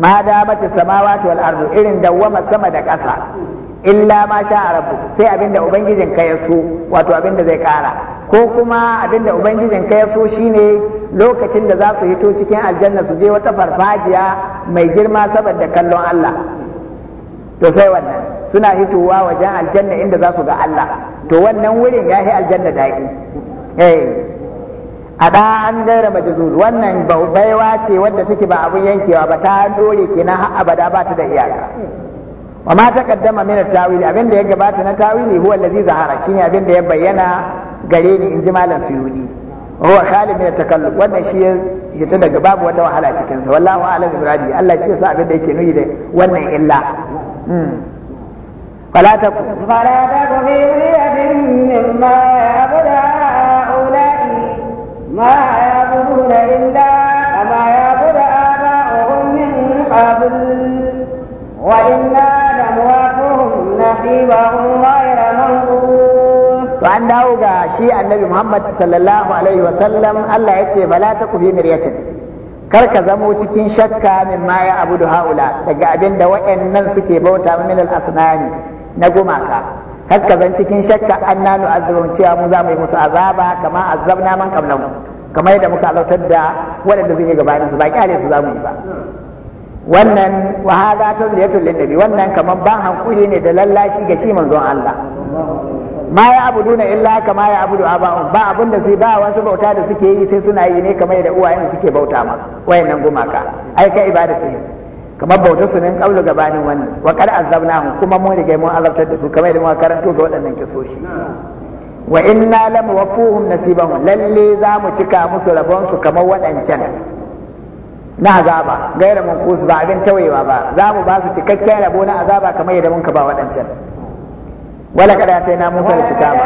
[SPEAKER 1] ma damati samawati wal ardu irin dawwama sama da ƙasa illa ma sha rabbu sai abinda ubangijin ka ya so wato abinda zai kara ko kuma abinda ubangijin ka ya so shine lokacin da za su hito cikin aljanna su je wata farfajiya mai girma saboda kallon Allah to sai wannan suna hitowa wajen aljanna inda za su ga Allah to wannan wurin ya aljanna daɗi eh a da an gaira majzul wannan baiwa ce wadda take ba abin yankewa ba ta dore ke na abada ba ta da iyaka wa ma kaddama min abin da ya gabata na tawili huwa allazi zahara shine abin da ya bayyana gare ni in ji malam suyudi huwa khalid min wannan shi ya hita daga babu wata wahala cikin sa wallahu a'lam ibradi Allah shi yasa abin da yake nuni da wannan illa فلا تكن
[SPEAKER 2] min ma abada ما يعبدون إلا كما يعبد آباؤهم من قبل وإنا bala ta غير
[SPEAKER 1] منقوص شيء النبي محمد صلى الله عليه وسلم ألا يتي فلا في kar ka zamo cikin shakka min ma ya abu haula daga abinda da waɗannan suke bauta min al-asnami na gumaka haka zan cikin shakka an nu'azzabahum cewa mu za mu yi musu azaba kama azabna man qablahum kamar yadda muka azabtar da waɗanda sun yi gabanin su ba kyale su za mu yi ba wannan wa hadha tadliyatu lin nabi wannan kamar ban hankuri ne da lallashi ga shi manzon Allah ma ya abuduna illa kama ya abudu aba'un ba abun da su ba wasu bauta da suke yi sai suna yi ne kamar yadda uwayen suke bauta ma wayannan gumaka ai ka ibadatihim kamar bautar su min kaulu gabanin wannan wa qad azabnahum kuma mun rige mun azabtar da su kamar yadda muka karanto ga waɗannan kisoshi wa inna lam wafuhum nasibahum lalle za mu cika musu rabon su kamar waɗancan na azaba gaira mun kus ba abin tawayewa ba za mu ba su cikakken rabo na azaba kamar yadda muka ba waɗancan wala kada ta na musa kitaba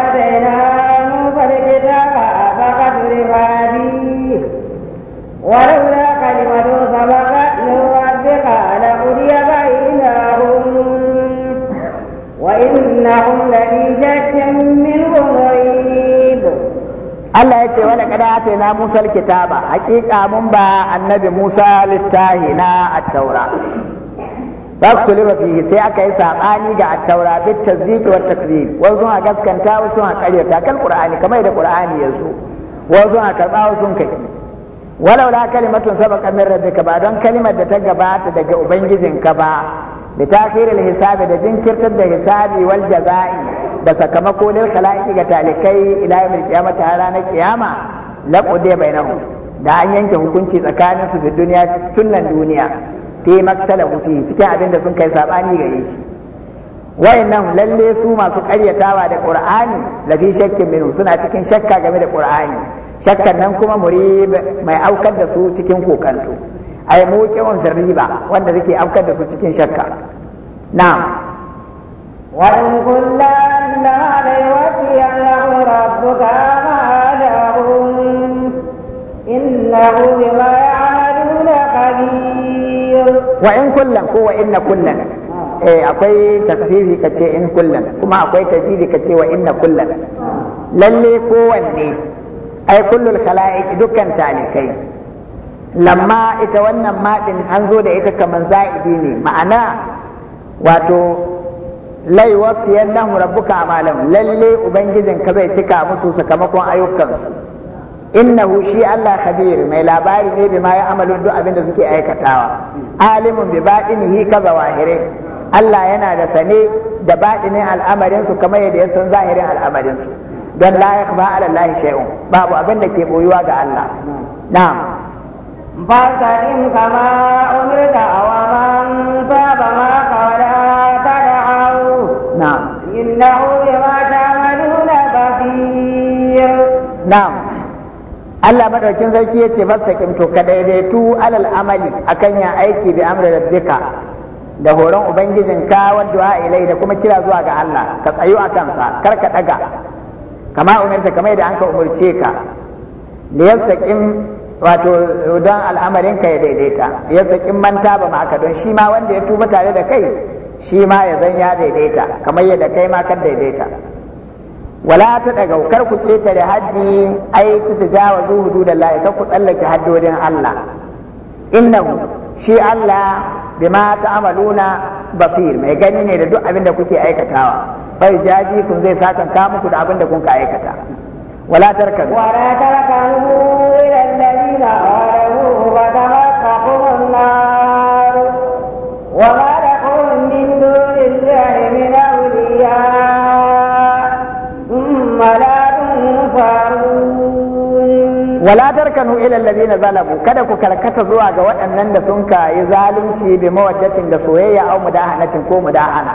[SPEAKER 1] wala Allah ya ce Wani kada ta na Musa ba hakika mun ba annabi Musa littahi na at-taura ba fihi sai aka yi saɓani ga at-taura bit tasdiq wa takzib wasu ha gaskanta wasu ha karyata kal qur'ani kamar da qur'ani yazo wasu ha karba wasu kaki walau la kalimatun sabaka min ba don kalimar da ta gabata daga ubangijinka ba bi ta'khir al-hisabi da jinkirtar da hisabi wal jaza'i da sakamako lil khalaiqi ga talikai ila yawmil qiyamati ranar qiyama la da an yanke hukunci tsakanin su fi duniya tun nan duniya fi maktalahu cikin abin da sun kai sabani gare shi wayannan lalle su masu karyatawa da qur'ani ladi shakkin minhu suna cikin shakka game da qur'ani shakkan nan kuma murib mai aukar da su cikin kokanto ay muqimun fi riba wanda suke afkar da su cikin shakka Na. na'am wa in kullan la yuwaffi
[SPEAKER 2] Allahu rabbuka ma lahum innahu bima na qadir
[SPEAKER 1] wa in kullan ko wa inna kullan eh akwai tasfifi ka ce in kullan kuma akwai ka ce wa inna kullan lalle kowanne ai kullul khalaiq dukkan talikai lamma ita wannan maɗin an zo da ita kamar za'idi ne ma'ana wato laiwa fiyan nan rabbuka amalam lalle ubangijin ka zai cika musu sakamakon ayyukansu innahu shi Allah khabir mai labari ne ma ya amalu duk abin da suke aikatawa alimun bi hi ka zawahire Allah yana da sane da baɗi al'amarin su kamar yadda ya san zahirin al'amarin su don la yakhfa Allah shay'un babu abin da ke boyuwa ga Allah na'am فاستقم كما أمرت ومن تاب
[SPEAKER 2] معك ولا تدعوا نعم إنه بما تعملون
[SPEAKER 1] بصير نعم Allah madaukin sarki yace fastaqim to ka daidaitu alal amali akan ya aiki bi amri rabbika da horon ubangijinka wa du'a ilai da kuma kira zuwa ga Allah ka tsayu akan sa kar ka daga kama umarta kamar yadda an ka umurce ka liyastaqim wato don al'amarin ka ya daidaita ya tsakin manta ba maka don shi ma wanda ya tuba tare da kai shi ma ya zan ya daidaita kamar yadda kai ma kan daidaita wala ta daga kar ku da haddi ai ta da hududallahi kar ku tsallake haddodin Allah inna shi Allah bima ta'maluna basir mai gani ne da duk abin da kuke aikatawa bai jaji kun zai saka ka muku da abin da kun ka aikata wala tarkan wala tarkan wala tarkanu ila alladhina zalabu kada ku karkata zuwa ga waɗannan da sun kayi zalunci bi mawaddatin da soyayya au mudahanatin ko mudahana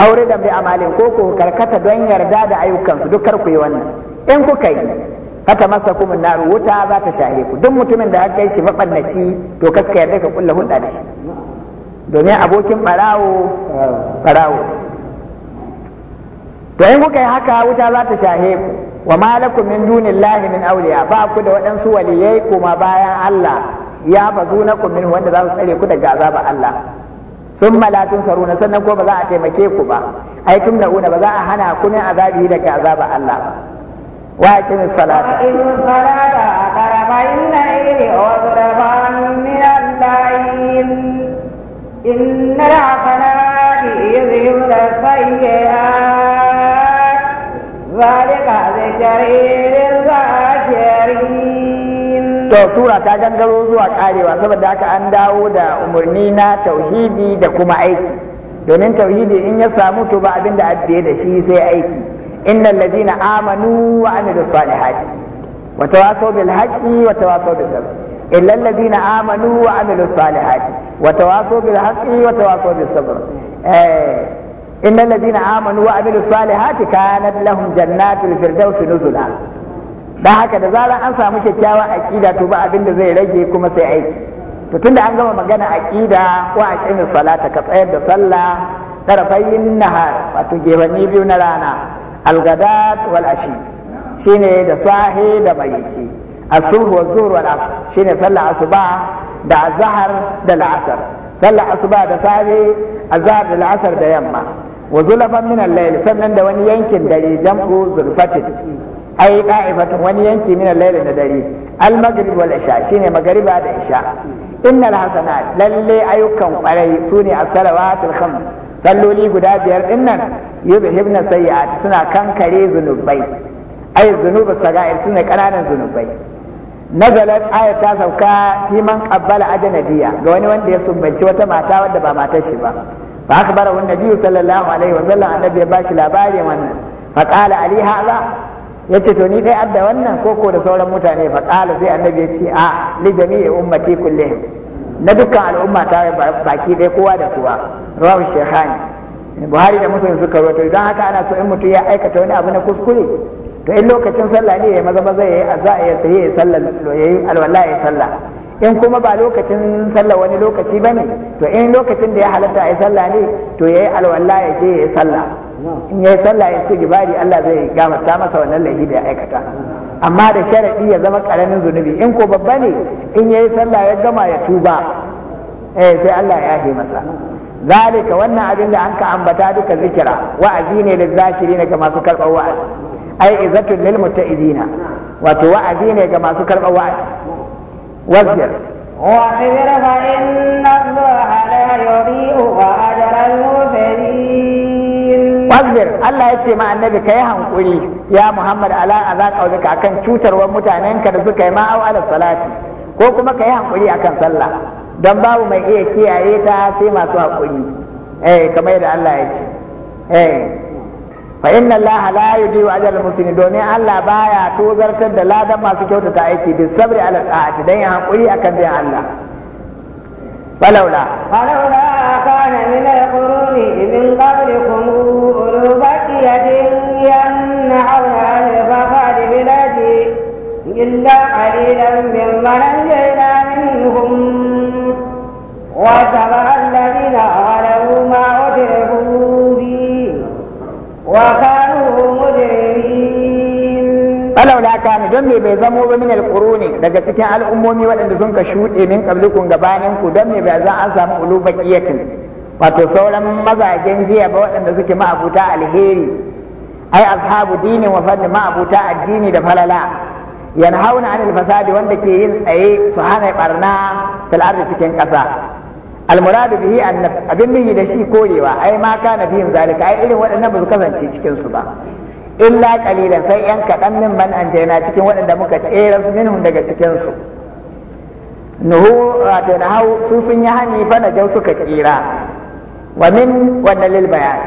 [SPEAKER 1] aure da bi amalin ko ku karkata don yarda da ayyukansu duk kar ku yi wannan in kuka yi hata masa kuma naru wuta za ta shahe ku duk mutumin da aka shi mabannaci to kakka yarda ka kulla hulɗa da shi domin abokin barawo barawo to in kuka yi haka wuta za ta shahe ku wa malakum min dunillahi min awliya ba ku da waɗansu waliyai kuma bayan Allah ya bazu na ku min wanda za su tsare ku daga azabar Allah sun malatun saruna sannan ko ba za a taimake ku ba ai tun una ba za a hana ku min azabi daga azabar Allah ba wa aqimi salata
[SPEAKER 2] aqimi salata tarafain layli wa zulfan min al-layl inna al-hasanati yudhhibna sayyi'at zalika zikirin zakirin to
[SPEAKER 1] sura ta gangaro zuwa karewa saboda haka an dawo da umarni na tauhidi da kuma aiki domin tauhidi in ya samu to ba abin da biye da shi sai aiki innal ladina amanu wa amilus salihati wa tawasaw bil haqqi wa tawasaw bis sabr illa ladina amanu wa amilus salihati wa tawasaw bil haqqi wa tawasaw bis sabr eh innal ladina amanu wa amilus salihati kanat lahum jannatul firdausi nuzula dan haka da zarar an samu kyakkyawan aqida to ba abin da zai rage kuma sai aiki to tunda an gama magana aqida wa aqimis salata ka tsayar da sallah tarafayin nahar wato gewanni biyu na rana algadat wal ashi shine da sahi da marici asubh wa zuhr wal asr shine sallah asuba da azhar da al'asr sallah asuba da safe azhar da al'asr da yamma wa zulafan min al-layl sannan da wani yankin dare jam'u zulfatin ai qa'ifatun wani yanki min al-layl na dare al-maghrib wal isha shine magriba da isha innal hasanat lalle ayyukan kwarai sune as-salawatul khams salloli guda biyar dinnan yuzhibna sayyi'at suna kankare zunubai ai zunubu sagair suna kananan zunubai nazalat aya ta sauka fi man qabbala ajnabiya ga wani wanda ya sumbanci wata mata wadda ba matar shi ba fa akbara wa nabiyyu sallallahu alaihi wa sallam annabi ya bashi labarin wannan fa qala ali hadha yace to ni dai adda wannan koko da sauran mutane fa qala sai annabi ya ce a li jami'i ummati kullihim na dukkan al'umma ta baki ɗaya kowa da kowa rawu shekhani buhari da muslim suka rawaito don haka ana so in mutum ya aikata wani abu na kuskure to in lokacin sallah ne ya maza maza ya yi azza ya tahi ya sallah ya yi alwala ya sallah in kuma ba lokacin sallah wani lokaci ba ne to in lokacin da ya halatta ya sallah ne to ya yi alwala ya je ya yi sallah in ya yi sallah ya ce gibari Allah zai gafarta masa wannan laifi da ya aikata amma da sharaɗi ya zama ƙaramin zunubi in ko babba ne in ya yi sallah ya gama ya tuba eh sai Allah ya yahe masa zalika wannan abin da an ka ambata duka zikira wa'azi ne lil zakirina ga masu karɓar wa'azi ai izatul lil mutta'izina wato wa'azi ne ga masu karɓar wa'azi واصبر
[SPEAKER 2] واصبر فإن الله لا يضيء أجر المرسلين
[SPEAKER 1] واصبر الله يتي مع النبي كي هنقولي يا محمد ألا أذاك أو لك أكن شوتر ومتعنين كرزك كيما أو على الصلاة ko kuma ka أكن صلى دم باب ما إيه mai iya kiyaye ta sai masu كما eh الله yadda Allah fa inna allaha la yudiyu ajal muslimin domin Allah baya tozartar da ladan masu kyautata aiki bi sabri a ta'ati dan ya akan bin Allah falaula
[SPEAKER 2] falaula kana min al-quruni min qablikum ulu baqiyatin yanhauna anil fasadi bil ardi illa qalilan mimman anjayna minhum wa tabara وكانوا مجرمين
[SPEAKER 1] فلولا كان دم بي زمو من القرون daga cikin al'ummomi waɗanda sun ka shuɗe min kablikun gabanin ku don me ba za a samu wato sauran mazajen jiya ba waɗanda suke ma'abuta alheri ai ashabu dini wa fanni ma'abuta addini da falala yanhauna anil fasadi wanda ke yin tsaye su hana barna fil ardi cikin ƙasa almuradu bihi annab abin nihi da shi korewa ai ma kana bihin zalika ai irin waɗannan ba su kasance cikin su ba illa qalilan sai yan kaɗan min man anjayna cikin waɗanda muka tseras minhum daga cikin su nuhu wato na su sun yi hani fa na jau suka tsira wa min wa dalil bayan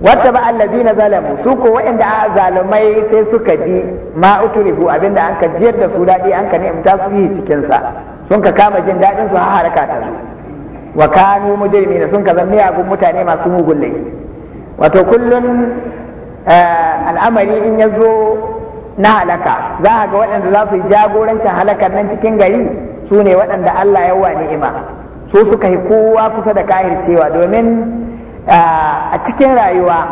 [SPEAKER 1] wata ba allazina zalamu su ko waɗanda a zalumai sai suka bi ma uturibu abinda an ka jiyar da su daɗi an ka ni'imta su yi cikin sa sun ka kama jin daɗin su har harakata ta wa kanu mujrimina sun kaza miyagun mutane masu mugun laifi wato kullun eh, al'amari in ya zo na halaka za a ga waɗanda za su yi jagorancin halakar nan cikin gari su ne waɗanda Allah ya wa ni'ima su suka yi kowa kusa da cewa domin eh, a cikin rayuwa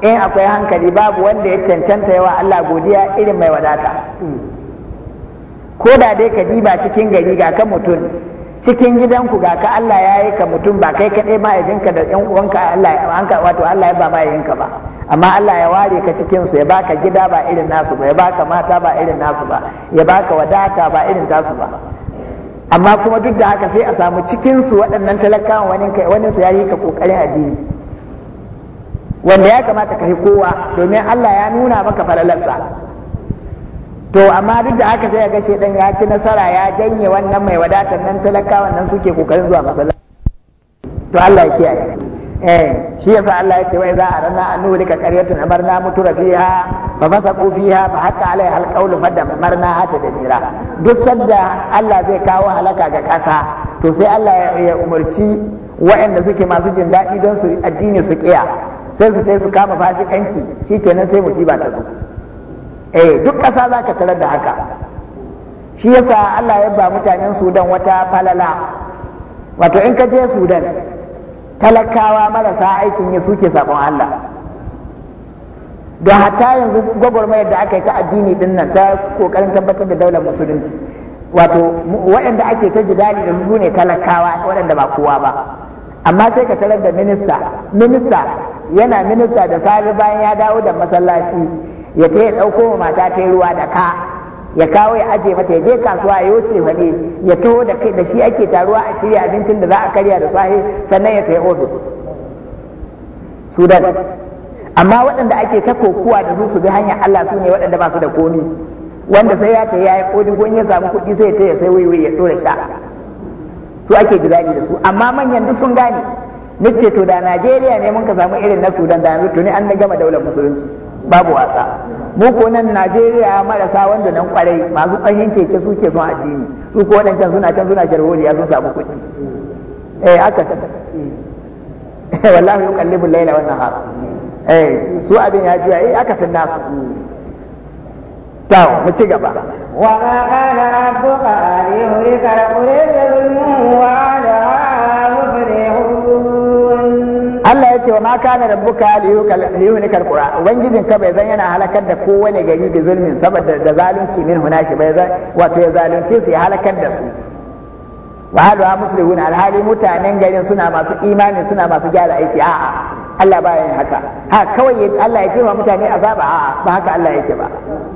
[SPEAKER 1] in akwai hankali babu wanda ya cancanta yawa Allah godiya irin mai wadata hmm. ko da dai ka diba cikin gari ga kan mutum cikin gidanku ga ka Allah ya yi ka mutum ba kai kaɗai mahaifinka da ɗan uwanka Allah ya wato Allah ya ba mahaifinka ba amma Allah ya ware ka cikin su ya baka gida ba irin nasu ba ya baka mata ba irin nasu ba ya baka wadata ba irin tasu ba amma kuma duk da haka sai a samu cikin su waɗannan talakawan wani kai wani su ya yi ka kokarin addini wanda ya kamata ka yi kowa domin Allah ya nuna maka falalarsa to amma duk da haka sai ga dan ya ci nasara ya janye wannan mai wadatar nan talakawa nan suke kokarin zuwa masallaci to Allah ya kiyaye eh shi yasa Allah ya ce wai za a rana annu lika qaryatun amarna mutura fiha fa fasaqu fiha fa alai hal alqawl fa damarna hata damira duk sanda Allah zai kawo halaka ga kasa to sai Allah ya umarci waɗanda suke masu jin daɗi don su addini su kiya sai su kai su kama fasikanci shikenan sai musiba ta zo eh duk ƙasa za ka tarar da haka shi yasa Allah ya ba mutanen Sudan wata falala wato in ka je Sudan talakawa marasa aikin ya suke sabon Allah don hata yanzu gwagwarmayar da aka yi ta addini din nan ta kokarin tabbatar da daular musulunci wato waɗanda ake ta jidali da su ne talakawa waɗanda ba kowa ba amma sai ka tarar da minista minista yana minista da sare bayan ya dawo da masallaci ya ta ya ɗauko mata ta ruwa da ka ya kawo ya aje mata ya je kasuwa ya wuce wani ya taho da kai da shi ake taruwa a shirya abincin da za a karya da sahi sannan ya yi ofis sudan amma waɗanda ake ta kokuwa da su su bi hanyar Allah su ne waɗanda ba su da komi wanda sai ya ta ya yi ƙodigo ya samu kuɗi sai ta ya sai waiwai ya ɗora sha su ake jirani da su amma manyan duk sun gane ni to da Najeriya ne mun ka samu irin na Sudan da yanzu tuni an na gama daular musulunci babu wasa mu ko nan Najeriya marasa wanda nan kwarai masu tsahin keke su ke son addini su ko wadancan suna can suna sharholiya sun samu kuɗi eh aka si eh, wallahi yuqallibu al-laila wan nahar eh su abin ya juya eh aka san nasu tawo mu ci gaba wa ma kana
[SPEAKER 2] rabbuka aliyuhu yakra qulil zulmu wa
[SPEAKER 1] ma kana rabbuka liyuhlikal qura ubangijin ka bai zan yana halakar da kowane gari bi zulmin saboda da zalunci min huna shi bai zan wato ya zalunce su ya halakar da su wa halu muslihun alhali mutanen garin suna masu imani suna masu gyara aiki a'a Allah ba yin haka ha kawai Allah ya ce wa mutane azaba a'a ba haka Allah yake ba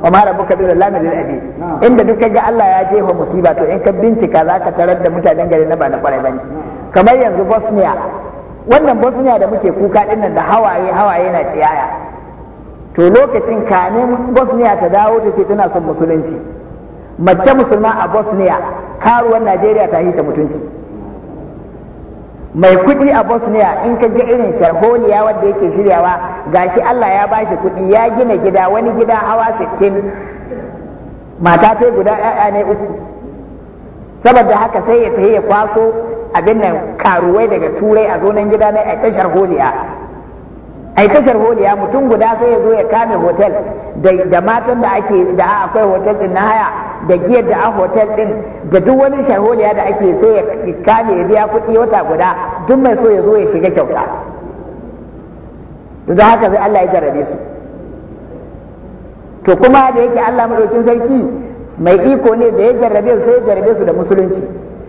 [SPEAKER 1] wa ma rabbuka bi zalamin lil abi inda duk ga Allah ya jefa musiba to in ka bincika zaka tarar da mutanen garin na ba na kwarai bane kamar yanzu Bosnia wannan bosniya da muke kuka din nan da hawaye hawaye na tsiyaya to lokacin kamin bosniya ta dawo ta ce tana son musulunci mace musulma a bosniya karuwar najeriya ta hita mutunci mai kuɗi a bosniya in ka ga irin sharholiya wadda yake shiryawa gashi allah ya bashi kuɗi ya gina gida wani gida hawa 60 mata ta guda 'ya'ya ne uku saboda haka sai ya tahi ya kwaso abin nan karuwai daga turai a zonan gida na a tashar holiya a tashar holiya mutum guda sai ya zo ya kame hotel da matan da ake da akwai hotel din na haya da giyar da a hotel din da duk wani sharholiya da ake sai ya kame ya biya kuɗi wata guda duk mai so ya zo ya shiga kyauta da haka sai Allah ya jarrabe su to kuma da yake Allah madaukin sarki mai iko ne da ya jarrabe su sai ya jarrabe su da musulunci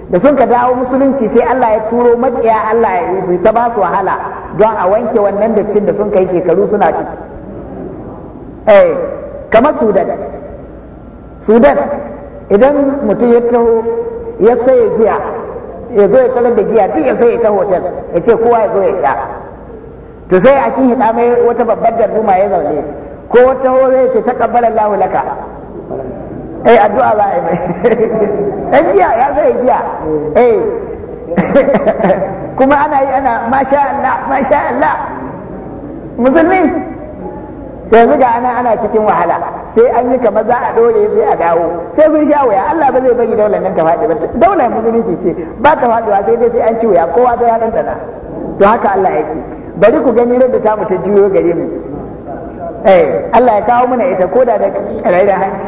[SPEAKER 1] da sun ka dawo musulunci sai Allah ya turo makiya Allah ya yi su ta ba su wahala don a wanke wannan dattin da sun kai shekaru suna ciki eh kamar sudan sudan idan mutum ya taho ya saye giya ya zo ya talar da giya duk ya saye ta hotel ya ce kowa ya zo ya sha to sai a shi hida mai wata babbar darduma ya zaune ko wata hore ce ta kabbala Allahu laka eh addu'a za a yi mai dan giya ya sai giya eh kuma ana yi ana masha Allah masha Allah musulmi yanzu ga ana ana cikin wahala sai an yi kamar za a dore sai a dawo sai sun sha wuya Allah ba zai bari daular nan ta faɗi ba daular musulunci ce ba ta faɗuwa sai dai sai an ci wuya kowa sai ya ɗanɗana to haka Allah yake bari ku gani da ta mu ta juyo gare mu eh Allah ya kawo mana ita koda da rairan hanci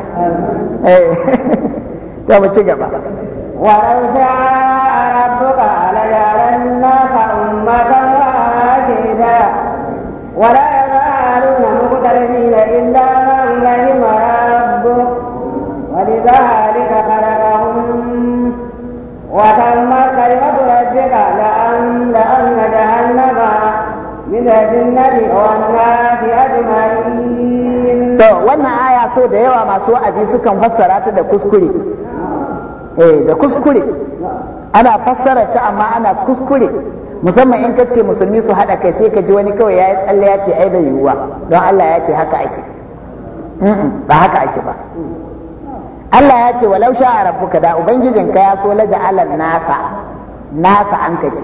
[SPEAKER 1] eh to mu ci gaba
[SPEAKER 2] wa law sha'a rabbuka la yaran nasa ummatan wahida wa la yazaluna muqtarina illa man rahima rabbu wa lidhalika khalaqahum wa tamma kalimatu rabbika la an la an jahannama min al-jinnati an nasi ajma'in
[SPEAKER 1] to wannan aya so da yawa masu wa'azi sukan fassara ta da kuskure eh da kuskure ana fassara ta amma ana kuskure musamman in ka ce musulmi su haɗa kai sai ka ji wani kawai ya yi tsalle ya ce ai bai yiwuwa don Allah ya ce haka ake ba haka ake ba Allah ya ce walau sha rabbuka da Ubangijin ka ya so laja alal nasa nasa an ka ce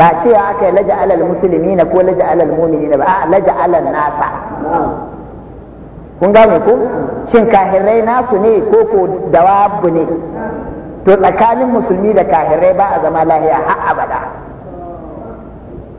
[SPEAKER 1] ba cewa aka yi laja alal musulmi na ko laja alal mumini na ba a laja alal nasa kun gane ku? shin kahirai nasu ne ko ko dawabu ne to tsakanin musulmi da kahirai ba a zama lahiya har abada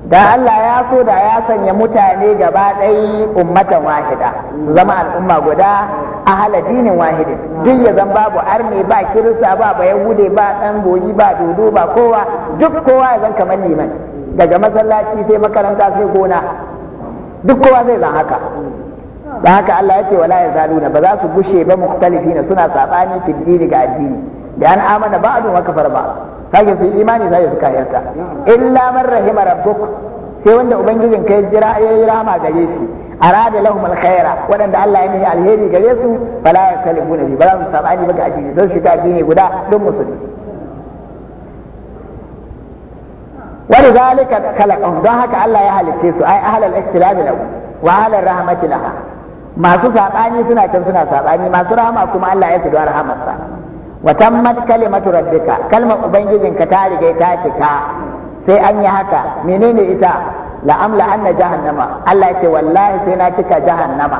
[SPEAKER 1] da Allah ya so da ya sanya mutane gaba ɗaya ummatan wahida su zama al'umma guda a haladinin wahidin duk ya zan babu arne ba kirista ba ba yahude ba ɗan goyi ba dodo ba kowa duk kowa ya zan kamar liman daga masallaci sai makaranta sai gona duk kowa zai zan haka da haka Allah ya ce wala ya zaluna ba za su gushe ba mukhtalifina suna sabani fi dini ga addini da an amana ba'du wa kafar ba sai su imani sai su kafirta illa man rahima rabbuk sai wanda ubangijin kai jira yayi rama gare shi arada lahum alkhaira wadanda Allah ya mihi alheri gare su fala yaktalifuna bi ba za su sabani ba ga addini sai shiga addini guda don musulmi wani zalika khalaqahum don haka Allah ya halicce su ai ahlal ikhtilafi lahu wa masu saɓani suna can suna saɓani masu rahama kuma Allah ya sudu rahamarsa wa tammat kalimatu rabbika kalmar ka ta riga ta cika sai an yi haka menene ita la'amla anna jahannama Allah ya ce wallahi sai na cika jahannama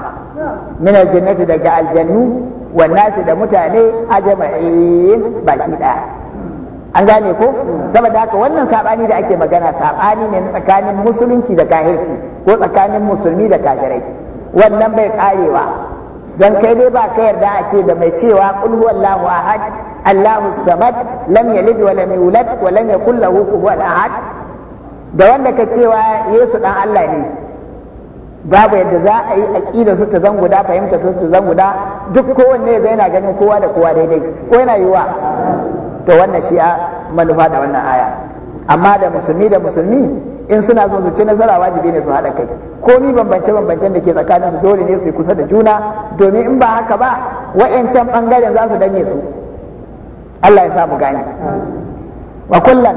[SPEAKER 1] min aljannati daga aljannu wa nasi da mutane ajma'in baki daya an gane ko saboda haka wannan sabani da ake magana saɓani ne tsakanin musulunci da kahirci ko tsakanin musulmi da kafirai wannan bai karewa don kai dai ba ka yarda a ce da mai cewa qul huwallahu ahad allahu samad lam yalid wa lam yulad wa lam yakul lahu kufuwan ahad da wanda ka cewa yesu dan Allah ne babu yadda za a yi aƙida su ta zanguda fahimta su ta zanguda duk kowanne zai yana ganin kowa da kowa daidai ko yana yiwa to wannan shi'a, manufa da wannan aya amma da musulmi da musulmi in suna son su ci nasara wajibi ne su haɗa kai komi bambance bambancen da ke tsakanin su dole ne su yi kusa da juna domin in ba haka ba wa'yancan ɓangaren za su danne su Allah ya sa gane wa kullan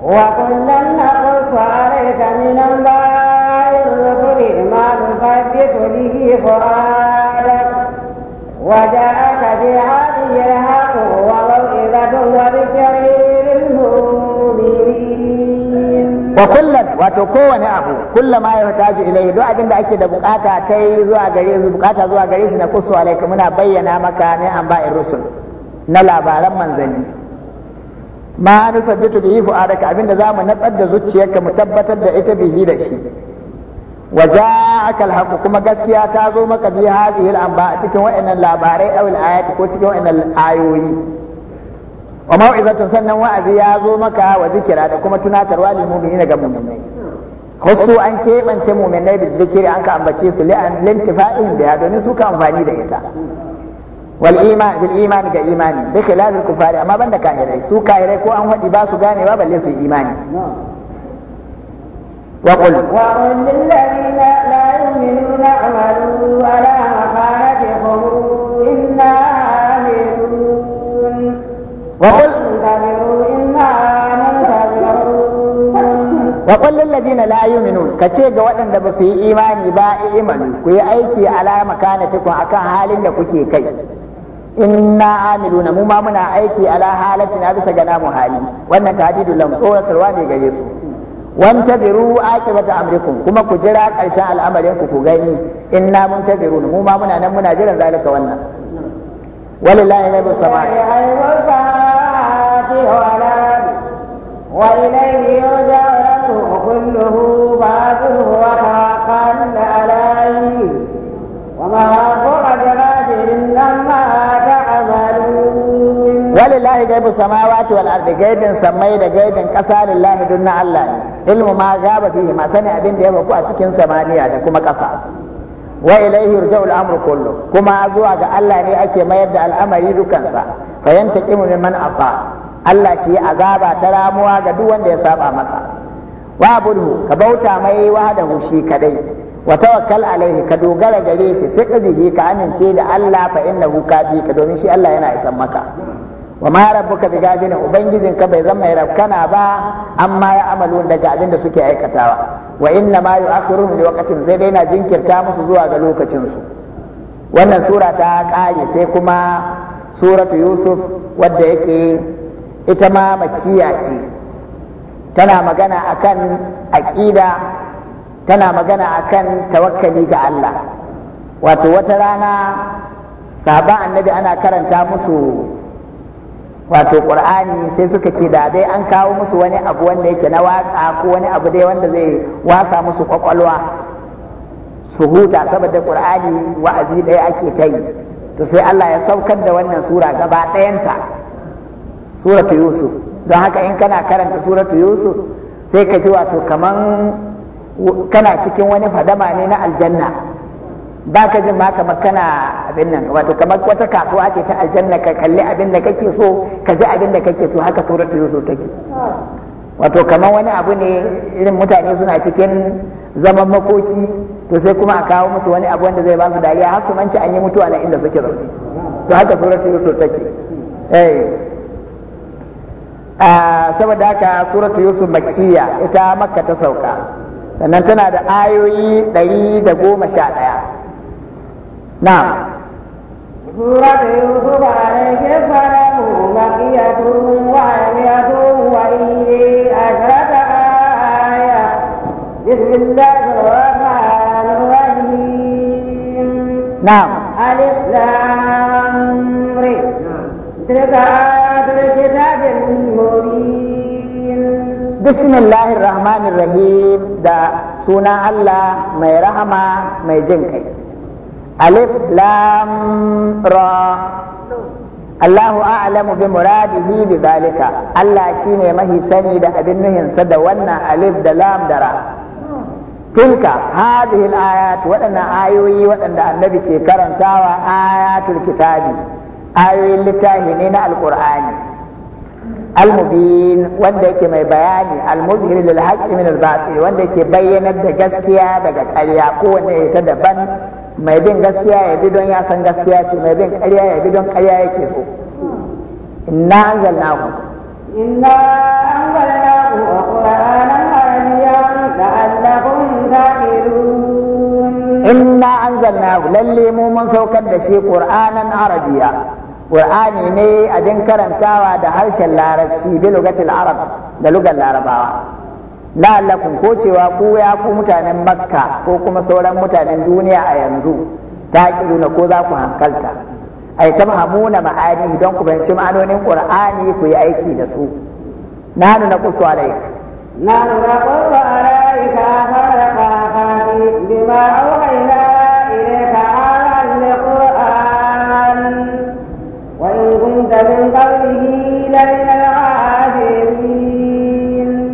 [SPEAKER 1] wa
[SPEAKER 2] kullan na qasu alayka min anba'ir rusuli ma nusabbitu bihi fu'adak wa ja'aka bi hadhihi al wa maw'idatun
[SPEAKER 1] wa kullan wato kowane abu kulla ma ya taji ilai duk abin da ake da bukata ta zuwa gare su bukata zuwa gare shi na kusu alaikum muna bayyana maka ne an ba'in rusul na labaran manzanni ma sabbitu bihi fu'adaka abin da zamu natsar da zuciyarka mu tabbatar da ita bihi da shi wa ja'aka alhaq kuma gaskiya ta zo maka bi hadhihi al-anba cikin wa'annan labarai aw al ko cikin wa'annan ayoyi wa mau'izatun sannan wa'azi ya zo maka wa zikira da kuma tunatarwa lil mu'minina ga mu'minai khussu an keɓance mu'minai da zikiri an ka su li'an lintifa'ihim biha domin su ka amfani da ita wal iman bil iman ga imani bi khilafil kufari amma banda kahirai su kahirai ko an wadi ba su ganewa balle su yi imani وقل lillazina la yu'minun ka ce ga waɗanda ba su yi imani ba i'malu ku yi aiki ala makanatikum akan halin da kuke kai inna amiluna mu ma muna aiki ala halatina bisa ga namu hali wannan tahdidul lam tsoratarwa ne gare su wantaziru akibata amrikum kuma ku jira ƙarshen al'amarin ku ku gani inna muntazirun mu ma muna nan muna jiran zalika wannan walillahi
[SPEAKER 2] wa وكله بعضه حقا عليه وما فرج إنما تعملون
[SPEAKER 1] ولله غيب السماوات والأرض غيب سمي da gaibin ƙasa lillahi du na Allah ne ilmu ma gaba fihi ma sani abin da ya faku a cikin samaniya da kuma ƙasa wa ilaihi yurja'u al-amru kullu kuma zuwa ga Allah ne ake mayar da al'amari dukansa fa yantaqimu mimman asa Allah shi azaba ta ramuwa ga duk wanda ya saba masa wabudu ka bauta mai wahdahu shi kadai wa tawakkal alaihi ka dogara gare shi fiqdihi ka amince da Allah fa innahu kafi ka domin shi Allah yana isan maka wa ma rabbuka bi ubangijin ka bai zama rabkana ba amma ya amalu daga abin da suke aikatawa wa inna ma yu'akhiru li waqtin sai dai na jinkirta musu zuwa ga lokacin su wannan sura ta kare sai kuma suratu yusuf wadda yake ita ma makiya ce tana magana akan aƙida tana magana akan tawakkali ga Allah wato wata rana sahaba annabi ana karanta musu wato ƙur'ani sai suka ce da dai an kawo musu wani abu wanda yake na waka ko wani abu dai wanda zai wasa musu kwakwalwa su huta saboda ƙur'ani wa'azi ɗaya ake ta yi to sai Allah ya saukar da wannan sura gaba ɗayanta suratu yusuf don haka in kana karanta suratu yusuf sai ka ji wato kaman kana cikin wani fadama ne na aljanna ba ka jin ma kamar kana abin nan wato kamar wata kasuwa ce ta aljanna ka kalli abin da kake so ka ji abin da kake so haka suratu yusuf take wato kamar wani abu ne irin mutane suna cikin zaman makoki to sai kuma a kawo musu wani abu wanda zai ba su dariya har su manci an yi mutuwa na inda suke zaune to haka suratu yusuf take eh Ah, saboda haka suratu yusuf makkiya ita makka ta sauka sannan tana da ayoyi ɗari da goma sha ɗaya na
[SPEAKER 2] suratu yusuf alaihi salamu makkiyatun wa amiyatun wa inni ashrata aya bismillahir rahmanir rahim na'am alif lam ra tilka
[SPEAKER 1] bismillahir rahmanir rahim da suna Allah mai rahama mai jin kai alif lam ra Allahu a'lamu bi muradihi bi zalika Allah shine mahi sani da abin nuhinsa da wannan alif da lam da tilka hadhihi al waɗannan ayoyi waɗanda annabi ke karantawa ayatul kitabi ayoyin littafi ne na alqur'ani al-mubin wanda ke mai bayani al-muzhir lil haqqi min al wanda ke bayyanar da gaskiya daga ƙarya ko ta daban mai bin gaskiya ya bi don ya san gaskiya ce mai bin ƙarya ya bi don ƙarya yake so inna anzalnahu
[SPEAKER 2] inna anzalnahu qur'anan
[SPEAKER 1] inna mu mun saukar da shi qur'anan qur'ani ne abin karantawa da harshen larabci bi lugatil arab da lugar larabawa la'allakum ko cewa ku ya ku mutanen makka ko kuma sauran mutanen duniya a yanzu ta na ko za ku hankalta ay tamhamuna ma'ani don ku fahimci ma'anonin kur'ani ku yi aiki da su Na nahnu naqussu alayk nahnu naqussu
[SPEAKER 2] alayka farqa bima awhayna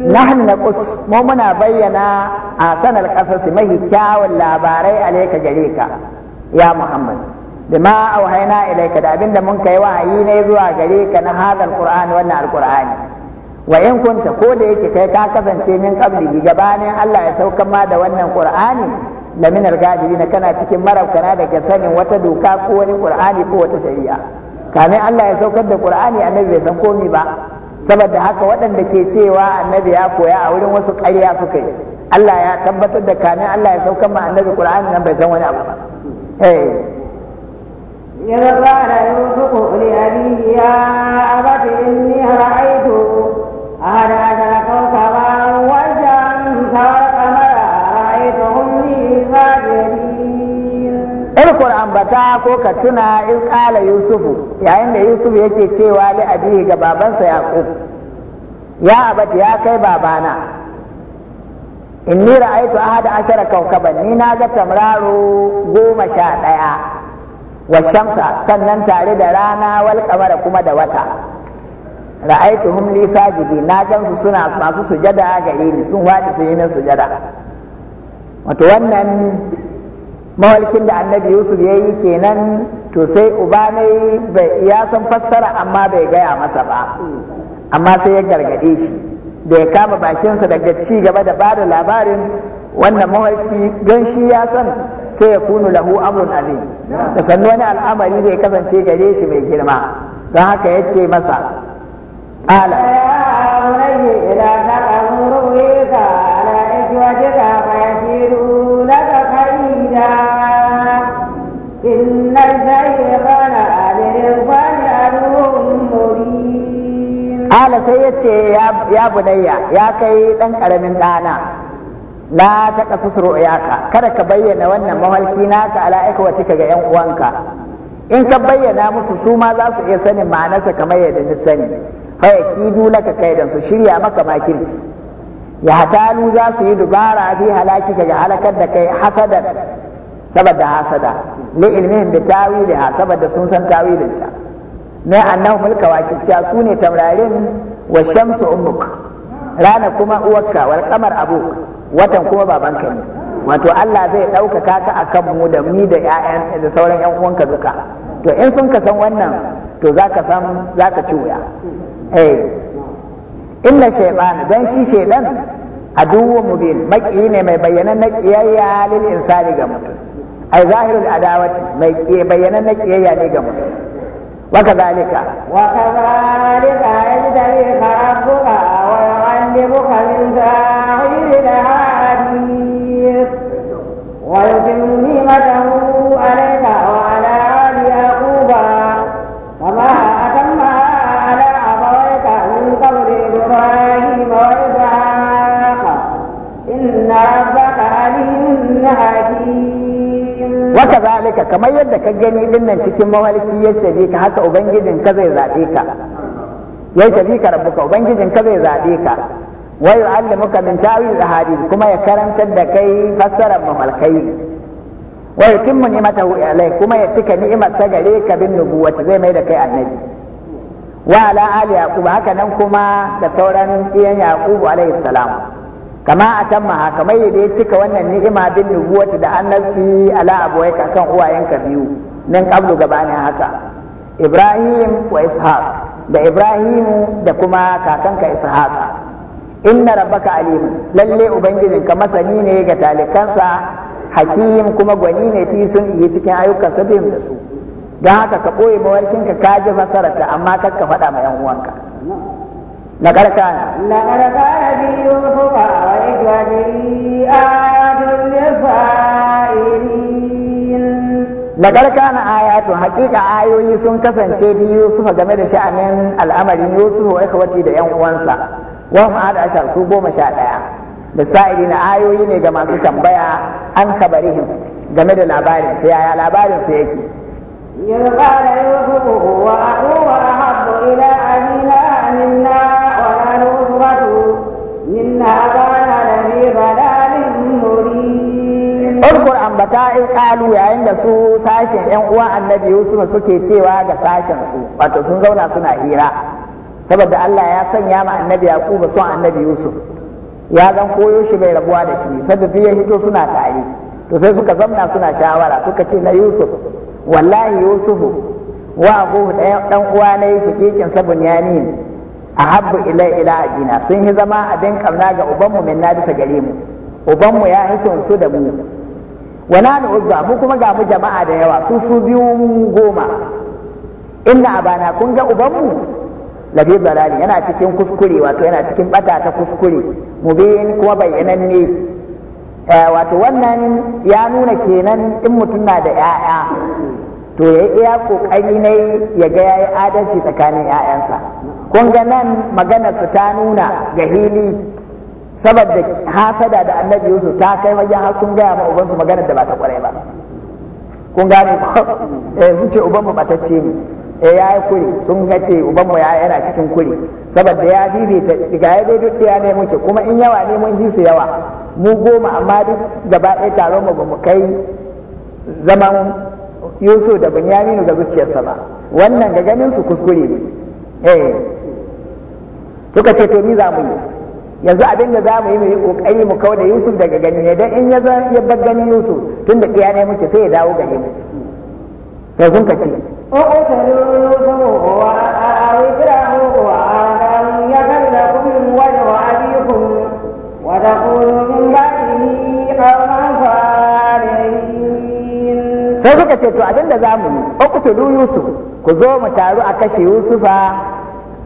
[SPEAKER 2] nahnu
[SPEAKER 1] naqus mu muna bayyana a sanar kasas mahi kyawun labarai alaika gare ka ya muhammad bima auhayna ilayka da abinda mun kai wahayi ne zuwa gare ka na hadal qur'ani wannan alqur'ani wa in kunta ko da yake kai ka kasance min qabli gabanin Allah ya sauka ma da wannan qur'ani la minar algajibina kana cikin marabkana daga sanin wata doka ko wani qur'ani ko wata shari'a kamin Allah ya saukar da qur'ani annabi bai san komi ba saboda haka waɗanda ke cewa annabi ya koya a wurin wasu ƙarya suka yi Allah ya tabbatar da kamin Allah ya sauka ma annabi Qur'ani nan bai san wani abu ba eh
[SPEAKER 2] قال يوسف لأبيه يا أبت إني رأيت أحد كوكبا
[SPEAKER 1] tankur ambata ko ka tuna in kala yusufu yayin da yusuf yake cewa li abihi ga babansa yaqub ya abati ya kai babana inni ra'aytu ahada ashara kaukaban ni na ga tamraro goma sha daya wa shamsa sannan tare da rana wal kamara kuma da wata ra'aytu hum li sajidi na gan su suna masu sujada gare ni sun wadi su yi na sujada wato wannan mawalkin da annabi yusuf ya yi kenan to sai uba ne ya san fassara amma bai gaya masa ba amma sai ya gargaɗe shi da ya kama bakinsa daga ci gaba da bada labarin wannan mawarki don shi ya san sai ya kunu lahu amrun azim da sannu wani al'amari zai kasance gare shi mai girma don haka ya ce masa ƙala ala sai ya ce ya bunayya ya kai ɗan ƙaramin ɗana Na ta ƙasa su ka kada ka bayyana wannan mahalki naka ala cika ga yan uwanka in ka bayyana musu su ma za su iya sanin ma'anarsa kamar yadda ni sani fa ka laka kaidan su shirya maka makirci ya hatalu za su yi dubara fi halaki ga halakar da kai hasadan saboda hasada li ilmihim bi ha, saboda sun san tawilinta na annahu mulka wakilciya su ne tamrarin wa shamsu ummuk rana kuma uwarka wal kamar abuk watan kuma babanka ne wato Allah zai ɗaukaka ka kan mu da mi da 'ya'yan da sauran 'yan uwanka duka to in sun ka san wannan to zaka san zaka ci wuya eh inna shaytan dan shi shaytan aduwwu mubin maki ne mai bayyana na kiyayya lil insani ga mutum ai zahirul adawati mai bayyana na kiyayya ne ga mutum وكذلك
[SPEAKER 2] وكذلك يجتبيك ربك ويعلمك من ساعير الأحاديث ويتم نعمته عليك
[SPEAKER 1] zalika kamar yadda ka gani dinnan cikin mawalki ya tabi ka haka ubangijin ka zai zabe ka ya tabi ka rabbuka ubangijin ka zai zabe ka wa yu'allimuka min ta'wil ahadith kuma ya karantar da kai fassarar mawalkai wa yutimmu ni'matahu alai kuma ya cika ni'imar sa gare ka bin nubuwati zai mai da kai annabi wa ala ali yaqub haka nan kuma da sauran iyan yaqub alayhi salam kama a can maha kamar yadda ya cika wannan ni'ima bin nubuwata da annabci ala abuwai kan uwayenka biyu nan kablu gabanin haka ibrahim wa ishaq da ibrahimu da kuma kakanka ishaq inna rabbaka alim lalle ka masani ne ga talikansa hakim kuma gwani ne fi sun iya cikin ayyukan bin da su don haka ka ɓoye mawarkin ka ji fasararta amma kar ka faɗa ma 'yan uwanka na ƙarƙa na
[SPEAKER 2] به آيات للسائلين لقد
[SPEAKER 1] ayoyi sun kasance آيوي سن كسن game da sha'anin al'amarin Yusuf wa ikhwati da yan uwansa wa ma ada ashar su goma sha ɗaya misali na ayoyi ne ga masu tambaya an khabarihim game da labarin su yaya labarin su yake
[SPEAKER 2] yanzu ba da yusuf amina minna
[SPEAKER 1] mata in yayin da su sashen yan uwa annabi yusuf suke cewa ga sashen su wato sun zauna suna hira saboda Allah ya sanya ma annabi yaquba son annabi yusuf ya zan koyo shi bai rabuwa da shi saboda ya hito suna tare to sai suka zamna suna shawara suka ce na yusuf wallahi yusufu wa abuhu dan uwa ne shakikin sabun yamin habbu ila ila abina sun yi zama abin kamna ga ubanmu min na bisa gare mu ubanmu ya hison su da mu wana na uzba mu kuma ga mu jama'a da yawa su su biyu goma inna abana kun ga ubanmu labi balali yana cikin kuskure wato yana cikin bata ta kuskure mubin kuma bayyananne eh, wato wannan ya nuna kenan in mutum na da 'ya'ya to ya yi iya kokari ne ya ga yayi adalci tsakanin 'ya'yansa kun ga nan magana su ta nuna ga hili saboda hasada da annabi yusuf ta kai wajen har sun gaya ma ubansu maganar da ba ta kwarai ba kun gane ko eh sun ce ubanmu batacce ne eh ya kure sun ga ce ubanmu ya yana cikin kure saboda ya bibita ga ya dai duk ne muke kuma in yawa ne mun hisu yawa mu goma amma duk gaba ɗaya taron mu bamu kai zaman yusuf da bunyaminu ga zuciyarsa ba wannan ga ganin su kuskure ne eh suka ce to ni za mu yi yanzu abin da za mu yi mu yi kokari mu kawo da yusuf daga gani ne dan in ya za ya bar gani yusuf tun da ɗiya ne muke sai ya dawo gare mu yanzu ka ce sai suka ce to abin da za mu yi uktulu yusuf ku zo mu taru a kashe yusufa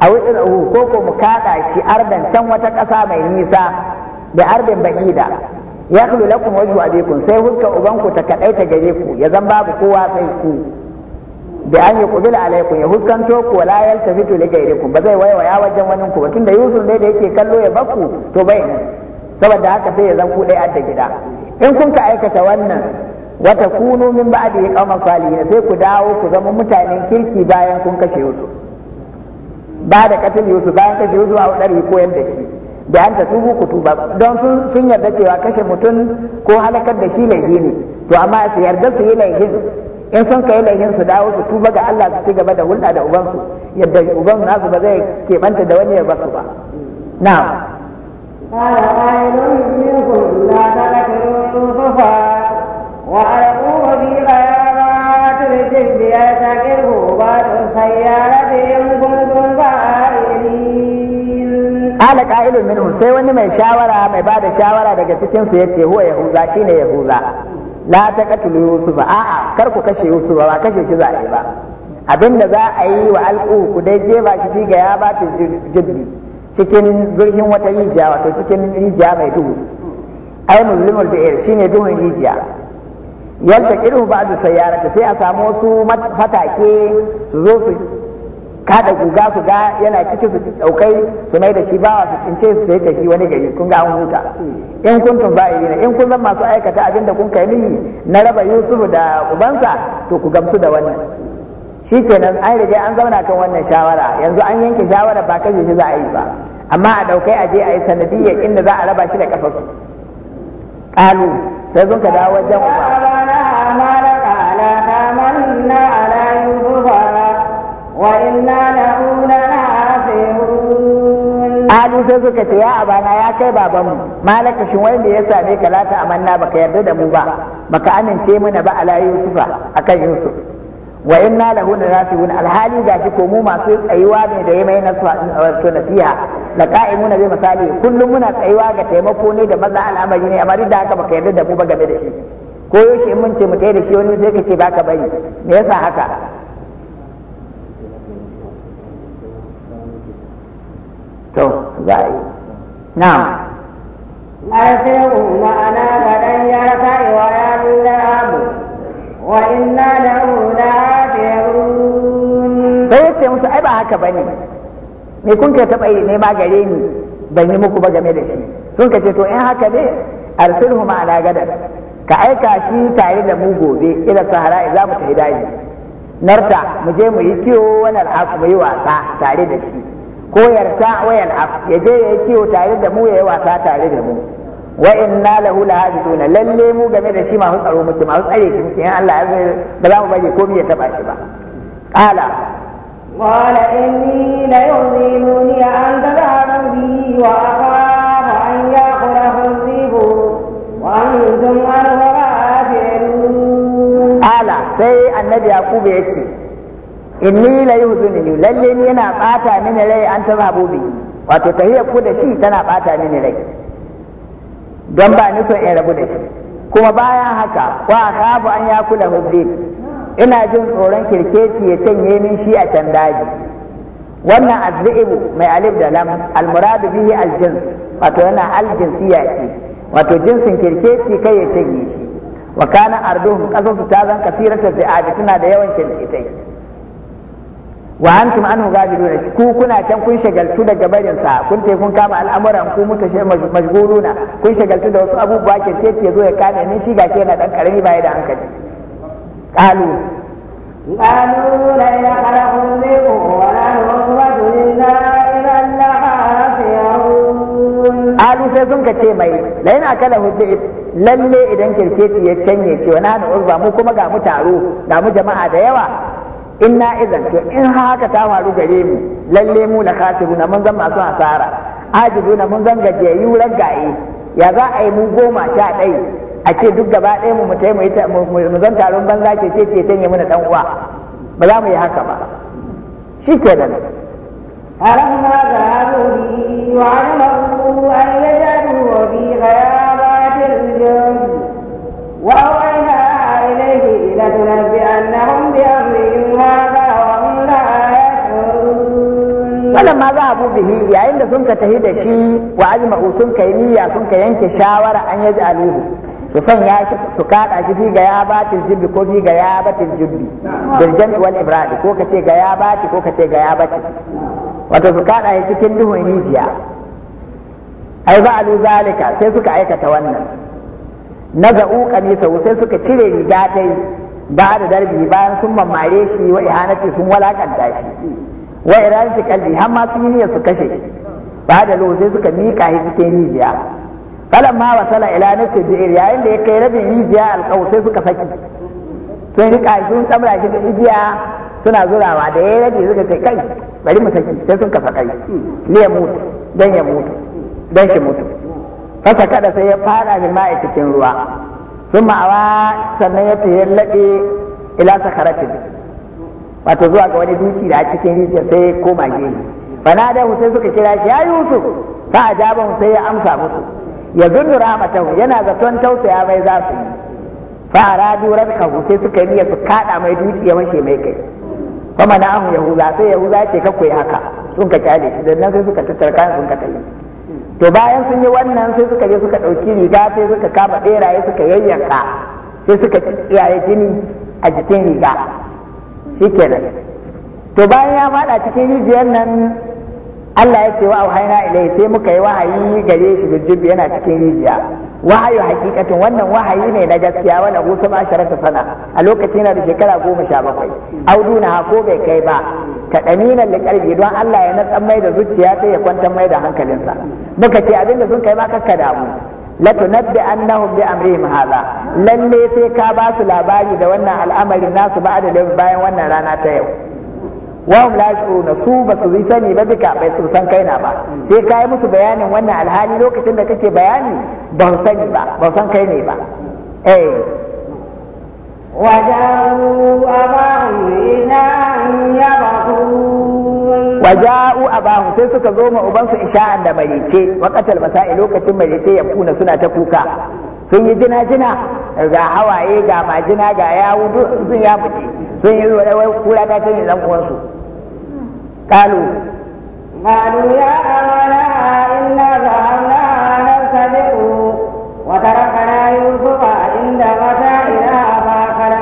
[SPEAKER 1] a wuɗin uhu ko ko mu kaɗa shi ardan can wata ƙasa mai nisa da ardin ba'ida ya khulu lakum wajhu abikum sai huska ubanku ta ta gare ku ya zan babu kowa sai ku bi an yi kubila alaikum ya huskanto ku wala yal tafitu li gairikum ba zai waya wajen wani ku ba tunda yusuf ne da yake kallo ya baku to bai nan saboda haka sai ya zan ku dai adda gida in kun ka aikata wannan wata kunu min ba'di qawman salihin sai ku dawo ku zama mutanen kirki bayan kun kashe yusuf ba da katil yusuf bayan kashe yusuf a wadari koyar da shi da an ta tubu ku tuba don sun sun yarda cewa kashe mutum ko halakar da shi laihi ne to amma su yarda su yi laihin in sun kai laihin su dawo su tuba ga Allah su ci gaba da hulɗa da ubansu yadda uban nasu ba zai keɓanta da wani ya basu ba na'am
[SPEAKER 2] قال قائل منكم لا تذكروا يوسفا وألقوه في غيابات الجب ليستكره بعض السيارة إن كنتم
[SPEAKER 1] qala qa'ilun minhum sai wani mai shawara mai bada shawara daga cikin su yace huwa yahuza shine yahuza la taqtulu yusuf a'a kar ku kashe yusuf ba kashe shi za a yi ba abinda za a yi wa alqu ku dai ba shi figa ya ta jibbi cikin zurhin wata rijiya wato cikin rijiya mai duhu ai muslimul bi'ir shine duhun rijiya yalta kirhu ba'du sayyarata sai a samu wasu fatake su zo su kada guga su ga yana ciki su daukai su mai da shi bawa su cince su ta shi wani gari kun ga an huta in kun kuntum fa'ilina in kun zama masu aikata abin da kun kai nihi na raba Yusuf da ubansa to ku gamsu da wannan shikenan an rige an zauna kan wannan shawara yanzu an yanke shawara ba kashe shi za a yi ba amma a daukai a je a yi sanadiyyar inda za a raba shi da kafasu kalu sai sun ka dawo wajen uba وإنا sai suka ce ya abana ya kai babanmu malaka wai wanda ya same ka lata amanna baka yarda da mu ba baka amince mana ba ala yusufa akan yusuf wa inna lahu lanasihun alhali gashi ko mu masu tsayuwa ne da yamai na to nasiha la muna bi misali kullum muna tsayuwa ga taimako ne da maza al'amari ne amma duk da haka baka yarda da mu ba game da shi ko yaushe in mun ce mu tai da shi wani sai ka ce baka bari me yasa haka to za a yi na
[SPEAKER 2] arsihu ma'ana ya wa ya wa inna
[SPEAKER 1] sai ya ce musu ai ba haka ne? me kun ka taba yi ne ma gare ni ban yi muku ba game da shi sun ka ce to in haka ne Arsir huma ma'ana gadar. ka aika shi tare da mu gobe ila sahara za mu tafi daji narta mu je mu yi kiwo wani alhaku mu yi wasa tare da shi ko yarta wayan af ya je ya yi kiwo tare da mu ya yi wasa tare da mu wa inna lahu lahafizuna lalle mu game da shi masu tsaro muke masu tsare shi muke in Allah ya ba za mu bari komai ya taba shi ba qala
[SPEAKER 2] qala inni la yuziluni an tadhabu bi wa akhafu an yaqrahu dhibu
[SPEAKER 1] wa antum anhu qala sai annabi yakubu yace inni la yuhzunni lalle ni yana bata mini rai an ta zabu bihi wato tahiyar ku da shi tana bata mini rai don ba ni so in rabu da shi kuma bayan haka wa akhafu an yakula hubbin ina jin tsoron kirkeci ya canye min shi a can daji wannan azzibu mai alif da lam almuradu bihi aljins wato yana aljinsiya ce wato jinsin kirkeci kai ya canye shi wa kana arduhum ta zan kasiratu bi'abi tana da yawan kirketai wa antum anhu ghafiluna ku kuna can kun shagaltu daga barin sa kun te kun kama al'amuran ku mutashe mashguluna kun shagaltu da wasu abubuwa kirkeci yazo ya kame ni shi gashi yana dan karami baya da hankali qalu
[SPEAKER 2] qalu la yakhluqu wa la
[SPEAKER 1] Alu sai sun ka ce mai lain kala hudda lalle idan kirkeci ya canye shi wa da urba mu kuma ga mu taro ga mu jama'a da yawa inna idan to in haka ta faru gare mu lalle mu la na mun zan masu hasara ajiduna mun zan gajiyayyu ragaye ya za a yi mu goma sha ɗaya a ce duk gaba ɗaya mu mutai mu zan taron banza ce ce ce tanye mana dan uwa ba za mu yi haka ba shi ke nan haram ma
[SPEAKER 2] da haruri wa alamu an yajadu wa bi ghayabatil jinn wa awaiha ilayhi la tunabbi annahum bi
[SPEAKER 1] wannan ma za a abu hi, yayin da sun ka tahi da shi wa azma sun kai niyya sun ka yanke shawara an yaji aluhu su ya shi su kada shi fi gaya batil jubbi ko fi gaya batil jubbi bil jam'i wal ibrad ko kace gaya bati ko kace gaya bati wato su kada shi cikin duhun rijiya ai alu zalika sai suka aikata wannan naza'u kamisa sai suka cire riga ta yi ba da darbi bayan sun mamare shi wa ihanati sun walakanta shi wa iradati kalli har ma sun yi niyyar su kashe shi ba da lo sai suka mika shi cikin rijiya falan ma sala ila nafsi bi'ir yayin da ya kai rabin rijiya alqaw sai suka saki sun rika sun tamra shi da igiya suna zurawa da ya rage suka ce kai bari mu saki sai sun kasa kai ya mutu dan ya mutu dan shi mutu fasa kada sai ya fara min mai cikin ruwa sun ma'awa sannan ya laɓe ila sakaratin wato zuwa ga wani duki da a cikin rijiya sai koma gehe da sai suka kira shi ya yusuf fa ajabahu sai ya amsa musu ya zunnu rahmatahu yana zaton tausaya mai za su yi fa aradu radkahu sai suka yi niyya su kada mai duki ya mashe mai kai fa mana'ahu yahuda sai yahuda ce ka koyi haka sun ka kyale shi dan nan sai suka tattara sun ka tayi to bayan sun yi wannan sai suka je suka ɗauki riga sai suka kama beraye suka yayyanka sai suka cicciyaye jini a jikin riga Shi kenan to bayan ya fada cikin rijiyar nan Allah ya ce wa auhaina ilai sai muka yi wahayi gare shi bijibi yana cikin rijiya wahayu hakikatin wannan wahayi ne na gaskiya wanda gusa ba ta sana a lokaci yana da shekara goma sha bakwai Audu na ko bai kai ba ta da ƙarfi don Allah ya natsan mai da zuciya ta ya kwantar mai da hankalinsa muka ce abinda sun kai ma kakka damu latunabbi annahum bi amrihim hadha lalle sai ka ba su labari da wannan al'amarin nasu ba da bayan wannan rana ta yau wahum la yashuruna su ba su sani ba bika bai su san kaina ba sai ka yi musu bayanin wannan alhali lokacin da kake bayani ba su sani ba ba su san kai ne ba eh وجاءوا أباهم إذا أن waja'u ja'u abahu sai suka zo ma su isha'an da marece waqatal masa'i lokacin marece ya kuna suna ta kuka sun yi jina jina ga hawaye ga majina ga yawu sun ya fice sun yi wai kura ta cin dan su qalu qalu
[SPEAKER 2] ya awala inna zahamna nasabu wa tarakana yusufa inda mata'ina fa kana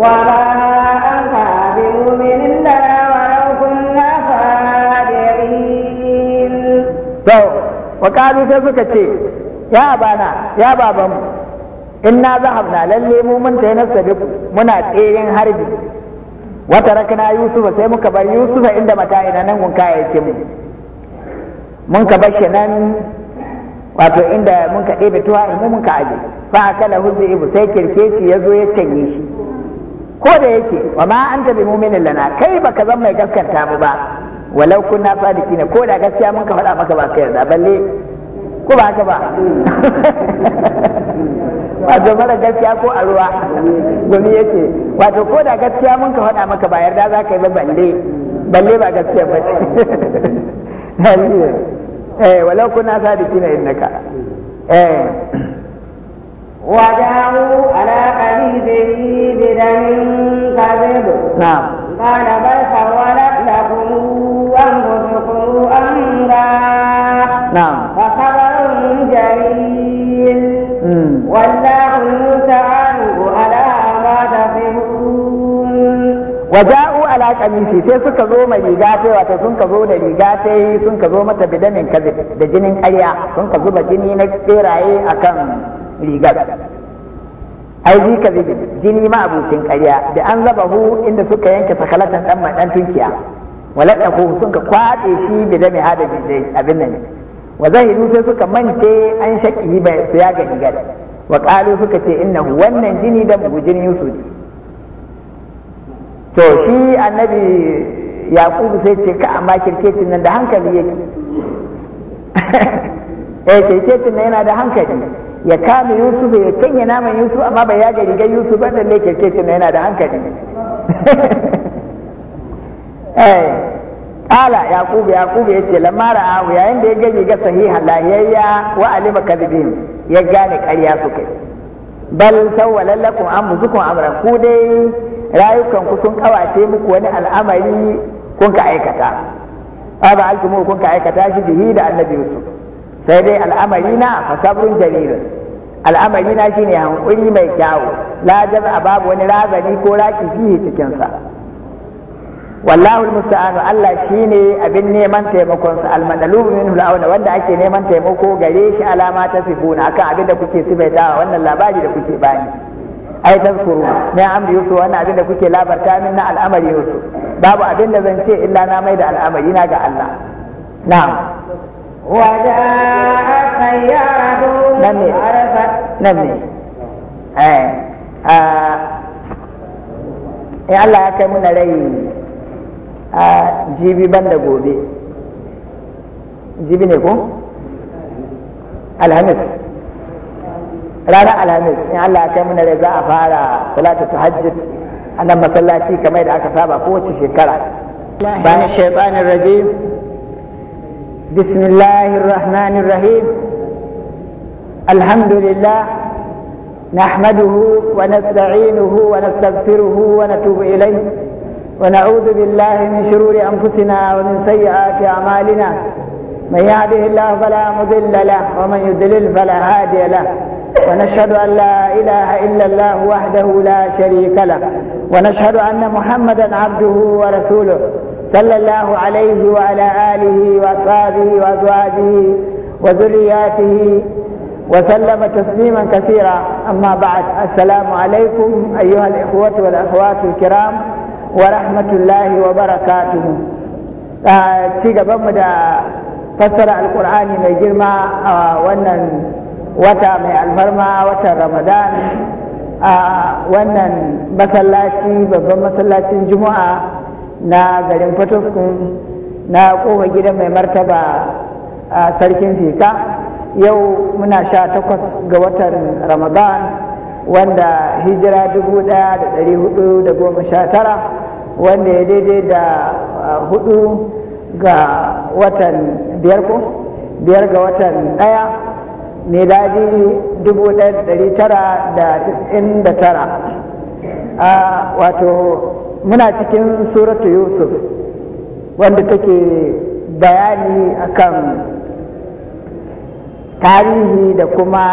[SPEAKER 2] wa
[SPEAKER 1] wa sai suka ce ya abana ya babanmu inna zahabna lalle mu mun ta nasta nasabiku muna tseren harbi Wata tarakna yusufa sai muka bar yusufa inda mata ina nan kaya yake mu mun ka bar nan wato inda mun ka ɗebe tuwa in mun ka aje fa akala hudu ibu sai kirkeci ya zo ya canye shi ko da yake wa ma anta bi mu'minin lana kai baka zan mai gaskanta mu ba walau kunna ne ko da gaskiya mun ka faɗa maka ba ka yarda balle ko ba haka ba wato mara gaskiya ko a ruwa gumi yake wato ko da gaskiya mun ka faɗa maka ba yarda za ka yi ba balle balle ba gaskiya ba ce eh walau kuna ne innaka eh وجاءوا على قميصه
[SPEAKER 2] بدم كذب نعم قال بل سولت لكم وانفسكم أمرا نعم فصبر جميل والله المستعان على ما تصفون
[SPEAKER 1] وجاءوا على قميصي sai suka zo mai riga ta wato sun ka zo da riga ta sun ka zo mata bidamin kazib da jinin ƙarya sun ka zuba jini na beraye akan rigar ai zi kazib jini ma abucin ƙarya da an zaba hu inda suka yanke sakalatan dan dan tunkiya walaqafu sun ka kwaɗe shi bi da hada abin nan wa zahidu sai suka mance an shakihi bai su ya ga digar wa qalu suka ce inna wannan jini da mu jini yusuf to shi annabi yaqubu sai ce ka amma kirkecin nan da hankali yake eh kirkecin nan yana da hankali ya kame yusuf ya cinye naman yusuf amma bai yaga rigar yusuf ba lalle kirkecin nan yana da hankali Ƙala eh, Yakubu Yakubu ya ce lamara ahu yayin da ya gaji ga sahiha lahiyayya wa alima kadhibihim ya gane karya su kai bal sawwalan lakum kun amran ku dai rayukan ku sun kawace muku wani al'amari kun ka aikata ba altumu kun ka aikata shi bihi da annabi Yusuf sai dai al'amari na fa sabrun al'amari na shine hankuri mai kyawu la a babu wani razani ko raki fihi cikinsa. wallahu musta'anu Allah shine abin neman taimakon sa almadalubu minhu la'auna wanda ake neman taimako gare shi alama ta sibuna akan abin da kuke sifaitawa wannan labari da kuke bani ai tazkuru ne amri yusuf wannan abin da kuke labarta min na al'amari yusuf babu abin da zan ce illa na mai da al'amari na ga Allah na'am wa da'a sayyadu nan ne nan ne eh, ah, eh Allah ya kai muna rai a jibi ban da gobe jibi ne ko alhamis ranar alhamis in allah kai mana za a fara salatu tahajjud a nan masallaci kamar da aka saba kowace shekara bayan shaitanin rajim bismillahir rahmanir rahim alhamdulillah نحمده ونستعينه ونستغفره ونتوب إليه ونعوذ بالله من شرور أنفسنا ومن سيئات أعمالنا من يهده الله فلا مضل له ومن يضلل فلا هادي له ونشهد أن لا إله إلا الله وحده لا شريك له ونشهد أن محمدا عبده ورسوله صلى الله عليه وعلى آله وأصحابه وأزواجه وذرياته وسلم تسليما كثيرا أما بعد السلام عليكم أيها الإخوة والأخوات الكرام wa rahmatullahi wa barakatuhu ci mu da fassara alkur'ani mai girma a wannan wata mai alfarma watan ramadan a wannan masallaci babban masallacin juma'a na garin fatoskun na kofa gidan mai martaba a sarkin fika yau muna sha takwas ga watan ramadan wanda hijira 1419 wanda ya daidai da ah, hudu ga watan biyar ko biyar ga watan daya miladi 1999 a ah, wato muna cikin suratu yusuf wanda take bayani akan tarihi da kuma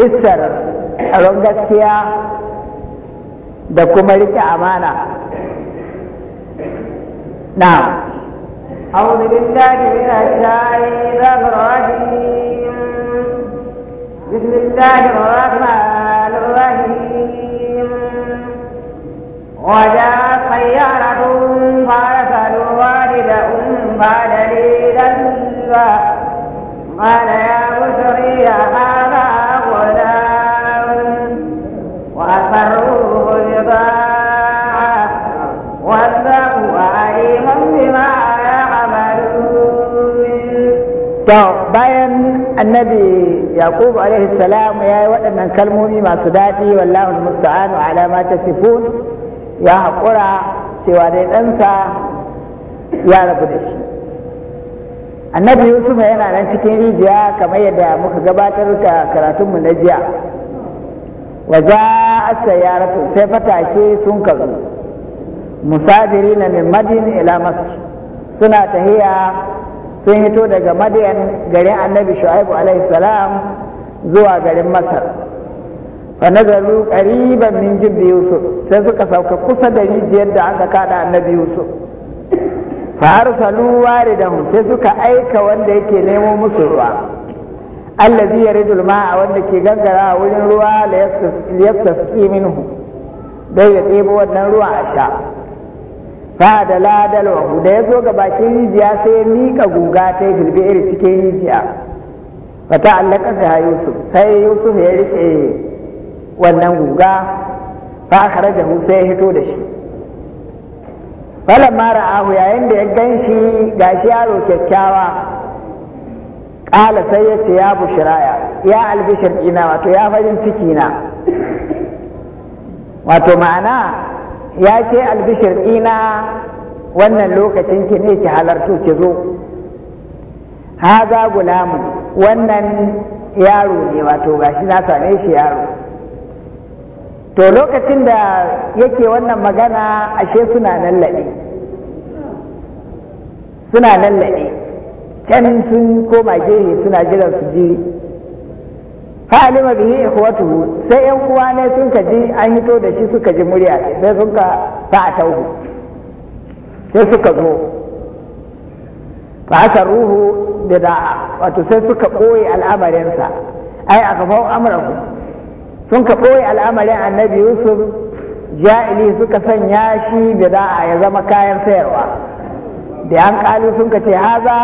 [SPEAKER 1] isar gaskiya da kuma rike amana
[SPEAKER 2] نعم أعوذ بالله من الشيطان الرجيم بسم الله الرحمن الرحيم وجاء سيارة فأرسلوا والدهم بعد ليلة قال يا بشري هذا
[SPEAKER 1] to bayan annabi yaqub alaihi salam ya yi waɗannan kalmomi masu daɗi wallahu wa ala ma tasifun ya haƙura cewa dai ɗansa ya rabu da shi annabi yusuf yana nan cikin rijiya kamar yadda muka gabatar da karatunmu na jiya waje asayaratu sai fatake sun kazo musafiri na min madin ila masu suna tahiya sun hito daga madiyan garin annabi shu'aibu alaihi salam zuwa garin masar fa nazaru qariban min jibbi yusuf sai suka sauka kusa da rijiyar da aka kada annabi yusuf fa arsalu waridahu sai suka aika wanda yake nemo musu ruwa allazi yaridul ma'a wanda ke gangara wurin ruwa liyastasqi minhu dai ya ɗebo wannan ruwa a sha fa da ladal da ya zo ga bakin rijiya sai ya mika guga ta yi iri cikin rijiya Ba ta allaka ga yusuf sai yusuf ya riƙe wannan guga fa da sai ya hito da shi mara ahu yayin da ya gan shi gashi yaro kyakkyawa ƙala sai ya ce ya bushiraya ya albishir ina wato ya farin ciki na wato ma'ana ya ke albishir ɗina wannan lokacin ki ne ki halartu ki zo haza gulamun wannan yaro ne wato gashi na same shi yaro to lokacin da yake wannan magana ashe suna nan lade, suna nan lade. can sun koma gehe suna jiran su je. fa alima bihi ikhwatuhu sai yan uwa ne sun ka ji an hito da shi suka ji murya ce sai sun ka fa tauhu sai suka zo fa da da'a wato sai suka koyi al'amarinsa ai akafau amuraku sun ka koyi al'amarin annabi yusuf ja'ili suka sanya shi bida'a ya zama kayan sayarwa da an kalu sun ka ce haza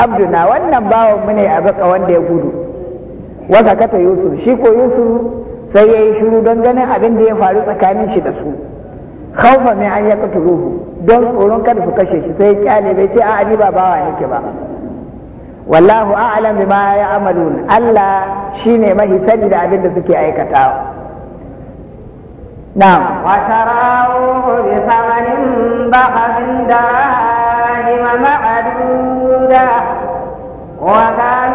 [SPEAKER 1] abduna wannan bawan mu ne a baka wanda ya gudu Wasakata yusuf shi ko yusuf sai ya yi shiru don ganin abin da ya faru tsakanin shi da su khaufa mai an yaka turuhu don tsoron kada su kashe shi sai ya kyale bai ce a ni ba bawa nake ba wallahu a'lam bima ya'malun Allah shine mahi sani da abin da suke aikatawa na'am wa
[SPEAKER 2] bi samanin bakhasin da ma'aduda wa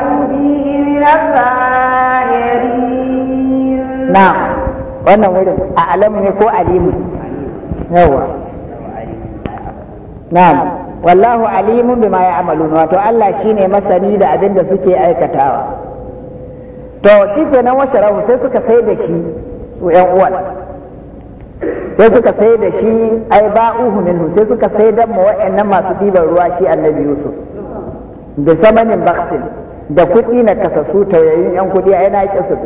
[SPEAKER 1] Na wannan wurin a alamu ne ko alimu yawa na'am wallahu bi alimun bima ya'malun wato Allah shi ne masani da abin da suke aikatawa to shi ke nan shikenan washarahu sai suka sai da shi su yan uwan sai suka sai da shi ai ba ba'uhu minhu sai suka sai da mu wa'annan masu ɗiban ruwa shi annabi Yusuf bi samanin baksin da kuɗi na kasasu tauyayin yan kuɗi a yana ƙi su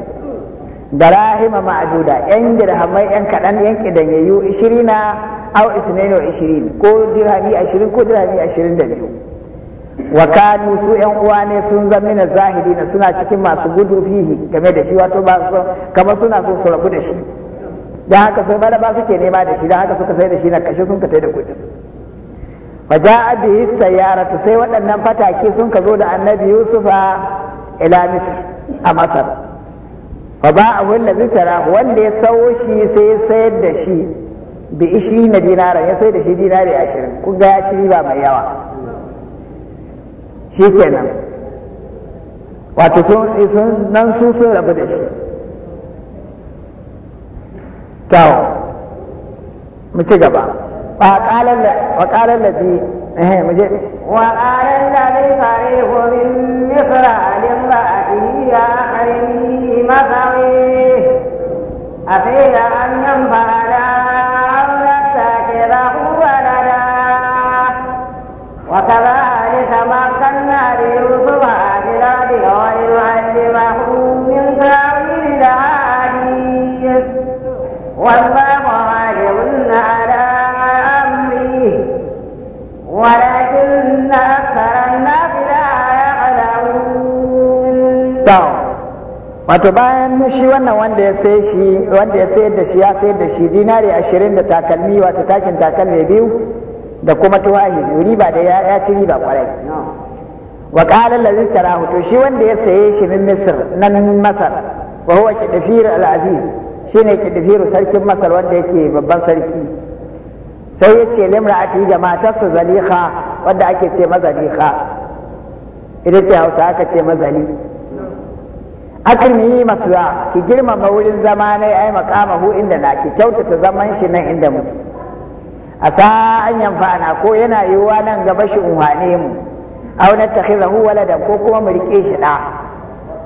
[SPEAKER 1] da rahima ma'aduda yan dirhamai yan kaɗan yan ƙidanyayyu na au itinai na ishirin ko dirhami ashirin ko dirhami ashirin da biyu wa kanu su yan uwa ne sun zama na zahiri na suna cikin masu gudu fihi game da shi wato ba su kamar suna so su da shi don haka sun ba suke nema da shi don haka suka sai da shi na kashe sun ka da kuɗin fa ja'a bihi sayyaratu sai waɗannan fataki sun ka zo da annabi yusufa ila misr a masar fa a allazi tarahu wanda ya sawo shi sai ya sayar da shi bi na dinara ya sayar da shi dinari ashirin, kun ga ya ci riba mai yawa Shi kenan, wato sun nan su sun rabu da shi to mu ci gaba وقال وقال الذي ايه مجيء
[SPEAKER 2] وقال الذي خريف من مصر لامرأته يا حرمي مثويه أفيد أن ينفعنا أو نتخذه ولدا وكذلك مكنا ليوسف في الأرض ولنعلمه من تأويل الأحاديث والله
[SPEAKER 1] wato bayan shi wannan wanda ya sai shi wanda ya sayar da shi ya sayar da shi dinari ashirin da takalmi wato takin takalmi biyu da kuma tuwahi riba da ya ci riba kwarai wa qala allazi tarahu to shi wanda ya saye shi min misr nan masar wa huwa kidfir al-aziz shine kidfir sarkin masar wanda yake babban sarki sai ya ce limra'ati ga matarsa zaliha wanda ake ce mazaliha ita ce hausa aka ce mazali yi masuwa ki girmama wurin zama na ai makamahu inda na ki kyautata zaman shi nan inda muke a sa'an yamfa'ana ko yana yiwuwa nan gaba shi unhane mu aw natakhizahu waladan ko kuma mu rike shi da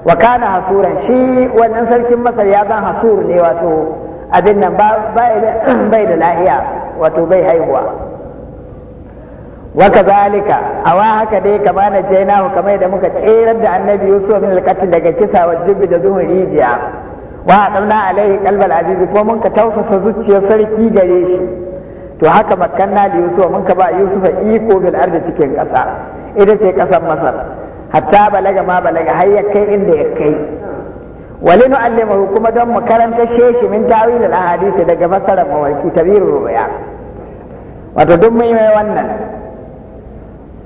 [SPEAKER 1] wa kana hasuran shi wannan sarkin masar ya zan hasur ne wato abin nan bai da lahiya wato bai haihuwa waka zalika a wa haka dai kama na jainahu kamar da muka tserar da annabi yusuf min alqatl daga kisa wa jibbi da duhun rijiya wa adamna alaihi qalbal aziz ko mun ka tausasa zuciyar sarki gare shi to haka makanna da yusuf mun ka ba yusuf iko bil ardi cikin kasa ita ce kasar masar hatta balaga ma balaga har ya kai inda ya kai walinu allama kuma don mu karanta sheshi min tawil al ahadith daga fasarar mawarki tabirul ruya wato duk mai wannan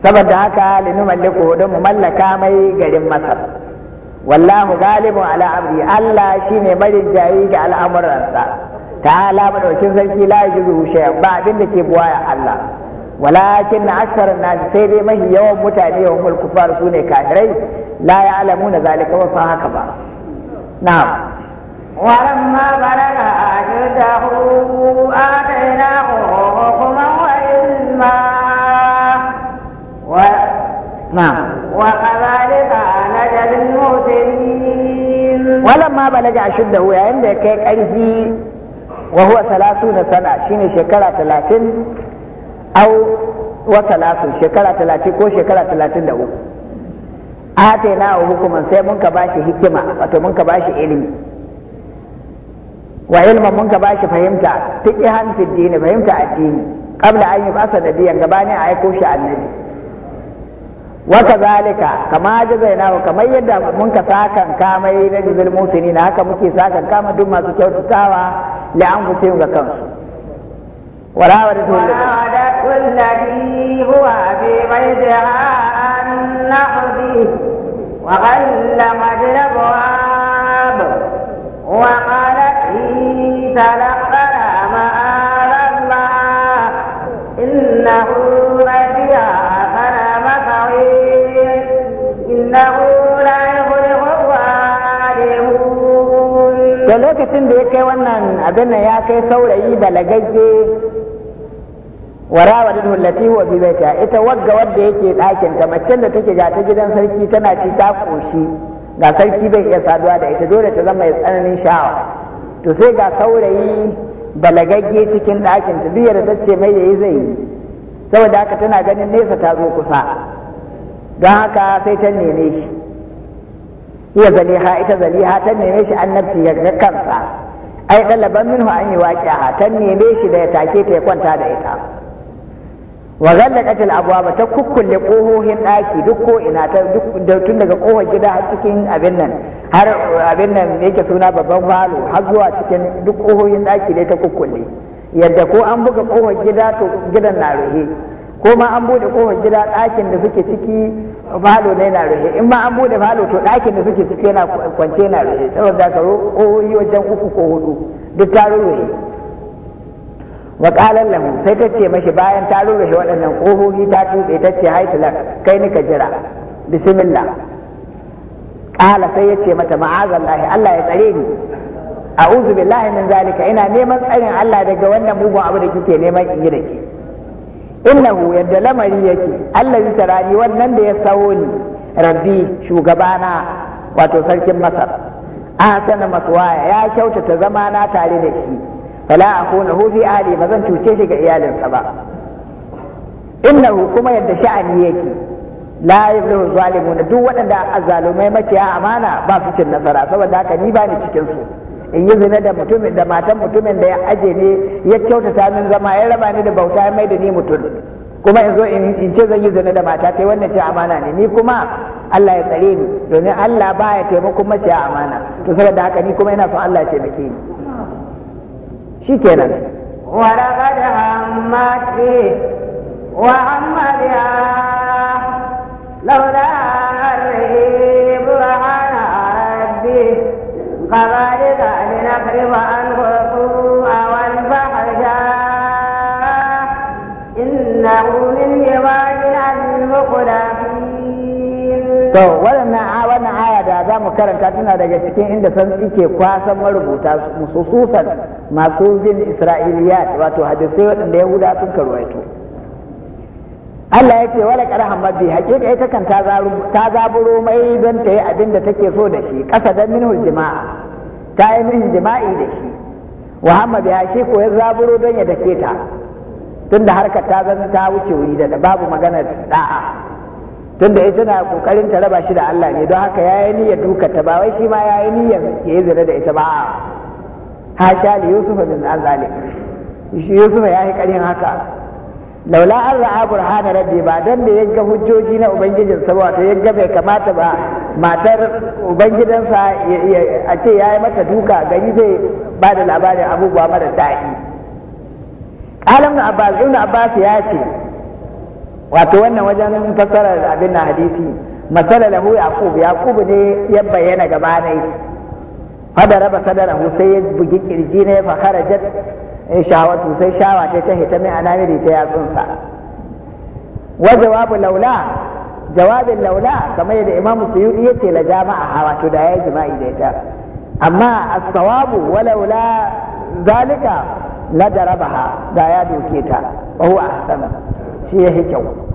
[SPEAKER 1] saboda haka linumalliku don mu mallaka mai garin masar wallahu galibun ala amri Allah shine barin jayi ga al'amuransa Ta alama ɗaukin sarki la zuhu shay'an ba abin da ke ya Allah walakin na aksar nasi sai dai mahi yawan mutane yawan mulku faru su ne kafirai la ya alamu na zalika wasu haka ba na'am
[SPEAKER 2] ولما بلغ أشده kuma wa'in ma. نعم وكذلك نجد المرسلين
[SPEAKER 1] ولما بلغ أشده يعني ده كيك أرزي وهو ثلاثون سنة شيني شكرة ثلاثين أو وثلاثون شكرة ثلاثين كو شكرة ثلاثين ده آتينا حكما سي منك باشي حكمة وتو منك باشي علمي wa ilmin mun ka bashi fahimta fiqihan fi dini fahimta addini qabla an yub'asa nabiyyan gabani a aiko shi annabi waka zalika kama jazainahu kamar yadda mun ka sakan kamai na jizil musini na haka muke sakan kama duk masu kyautatawa li an fusim ga kansu wala wa da
[SPEAKER 2] kullati huwa fi baytiha an nahzi wa qalla majlabuha wa qala talaqa ma Allah innahu
[SPEAKER 1] da lokacin da ya kai wannan abin nan ya kai saurayi balagagge dudu lati huwa fi baita ita wagga wadda yake ɗakin ta macen da take ga ta gidan sarki tana ci ta koshi ga sarki bai iya saduwa da ita dole ta zama ya tsananin sha'awa to sai ga saurayi balagagge cikin ɗakin ta duk da ta ce mai yayi zai yi saboda haka tana ganin nesa ta zo kusa don haka sai ta neme shi iya zaliha ita zaliha ta neme shi an nafsi ga kansa ai ɗalaban minhu an yi waƙiya ta neme shi da ya take ta ya kwanta da ita wa ghallaqat al-abwaba ta kukkulle kohohin daki duk ko ina ta tun daga kohar gida har cikin abin nan har abin nan yake suna babban falo har zuwa cikin duk kohohin daki dai ta kukkulle yadda ko an buga kohar gida to gidan na ruhe ko ma an bude kofar gida ɗakin da suke ciki falo ne na rufe in ma an bude falo to ɗakin da suke ciki yana kwance na rufe saboda ka yi wajen uku ko hudu duk ta rufe wa qalan lahu sai ta ce mashi bayan ta rufe waɗannan kohohi ta tuɓe ta ce haitulak kai ni ka jira bismillah qala sai ya ce mata ma'azallahi Allah ya tsare ni a'udhu billahi min zalika ina neman tsarin Allah daga wannan mugun abu da kike neman in yi da ke innahu yadda lamari yake zai tarani wannan da ya sawo ni rabbi shugabana wato sarkin masar ahsana maswaya ya kyautata zama na tare da shi fala hu fi Ali ba zan cuce shi ga iyalinsa ba innahu kuma yadda sha'ani yake la yablu zalimuna duk waɗanda azzalumai ya amana ba su cin nasara saboda haka ni ba ni cikin su in yi zina da mutumin da matan mutumin da ya aje ne ya kyautata min zama ya raba ni da bauta ya mai da ni mutum kuma in zo in ce zan yi zina da mata ta wannan ce amana ne ni kuma Allah ya tsare ni domin Allah baya taimakon mace amana to saboda haka ni kuma ina son Allah ya taimake ni shi kenan.
[SPEAKER 2] ولقد همت به wa بها لولا أن كذلك لنصرف عنه السوء والفحشاء إنه من عبادنا المخلصين.
[SPEAKER 1] To waɗannan wannan aya da za mu karanta tana daga cikin inda san ke kwasan marubuta musususan masu bin Isra'iliya wato hadisai waɗanda Yahuda sun karwaito. Allah ya ce wala karhan bi hakika ita kan ta zaburo mai don ta yi abin da take so da shi kasa da minhul jima'a ta yi min jima'i da shi wa hamma biya shi ko ya zaburo don ya dake ta tunda harkar ta zan ta wuce wuri da babu magana da'a tunda ita na kokarin ta raba shi da Allah ne don haka yayi niyyar duka ta ba wai shi ma yayi niyyar yayi zira da ita ba ha sha yusufa min Azali shi yusufa yi karin haka laula an ra'a burhana rabbi ba dan da yagga hujjoji na ubangijin sa wato yagga bai kamata ba matar ubangidansa a ce ya yi mata duka gari zai ba da labarin abubuwa mara daɗi ƙalam na abbas ibn abbas ya ce wato wannan wajen fassarar abin na hadisi masala lahu yaqub yaqub ne ya bayyana gabanai fada raba sadarahu sai ya bugi kirji ya fa kharajat ai eh, shawatu sai shawa ce ta hita mai alamiri ta yatsunsa wa jawabu laula jawabin laula kamar yadda imamu suyudi ya ce la jama'a wato da yayi jima'i da ita amma as-sawabu wa laula zalika la darabaha da ya doke ta wa huwa ahsana shi ya kyau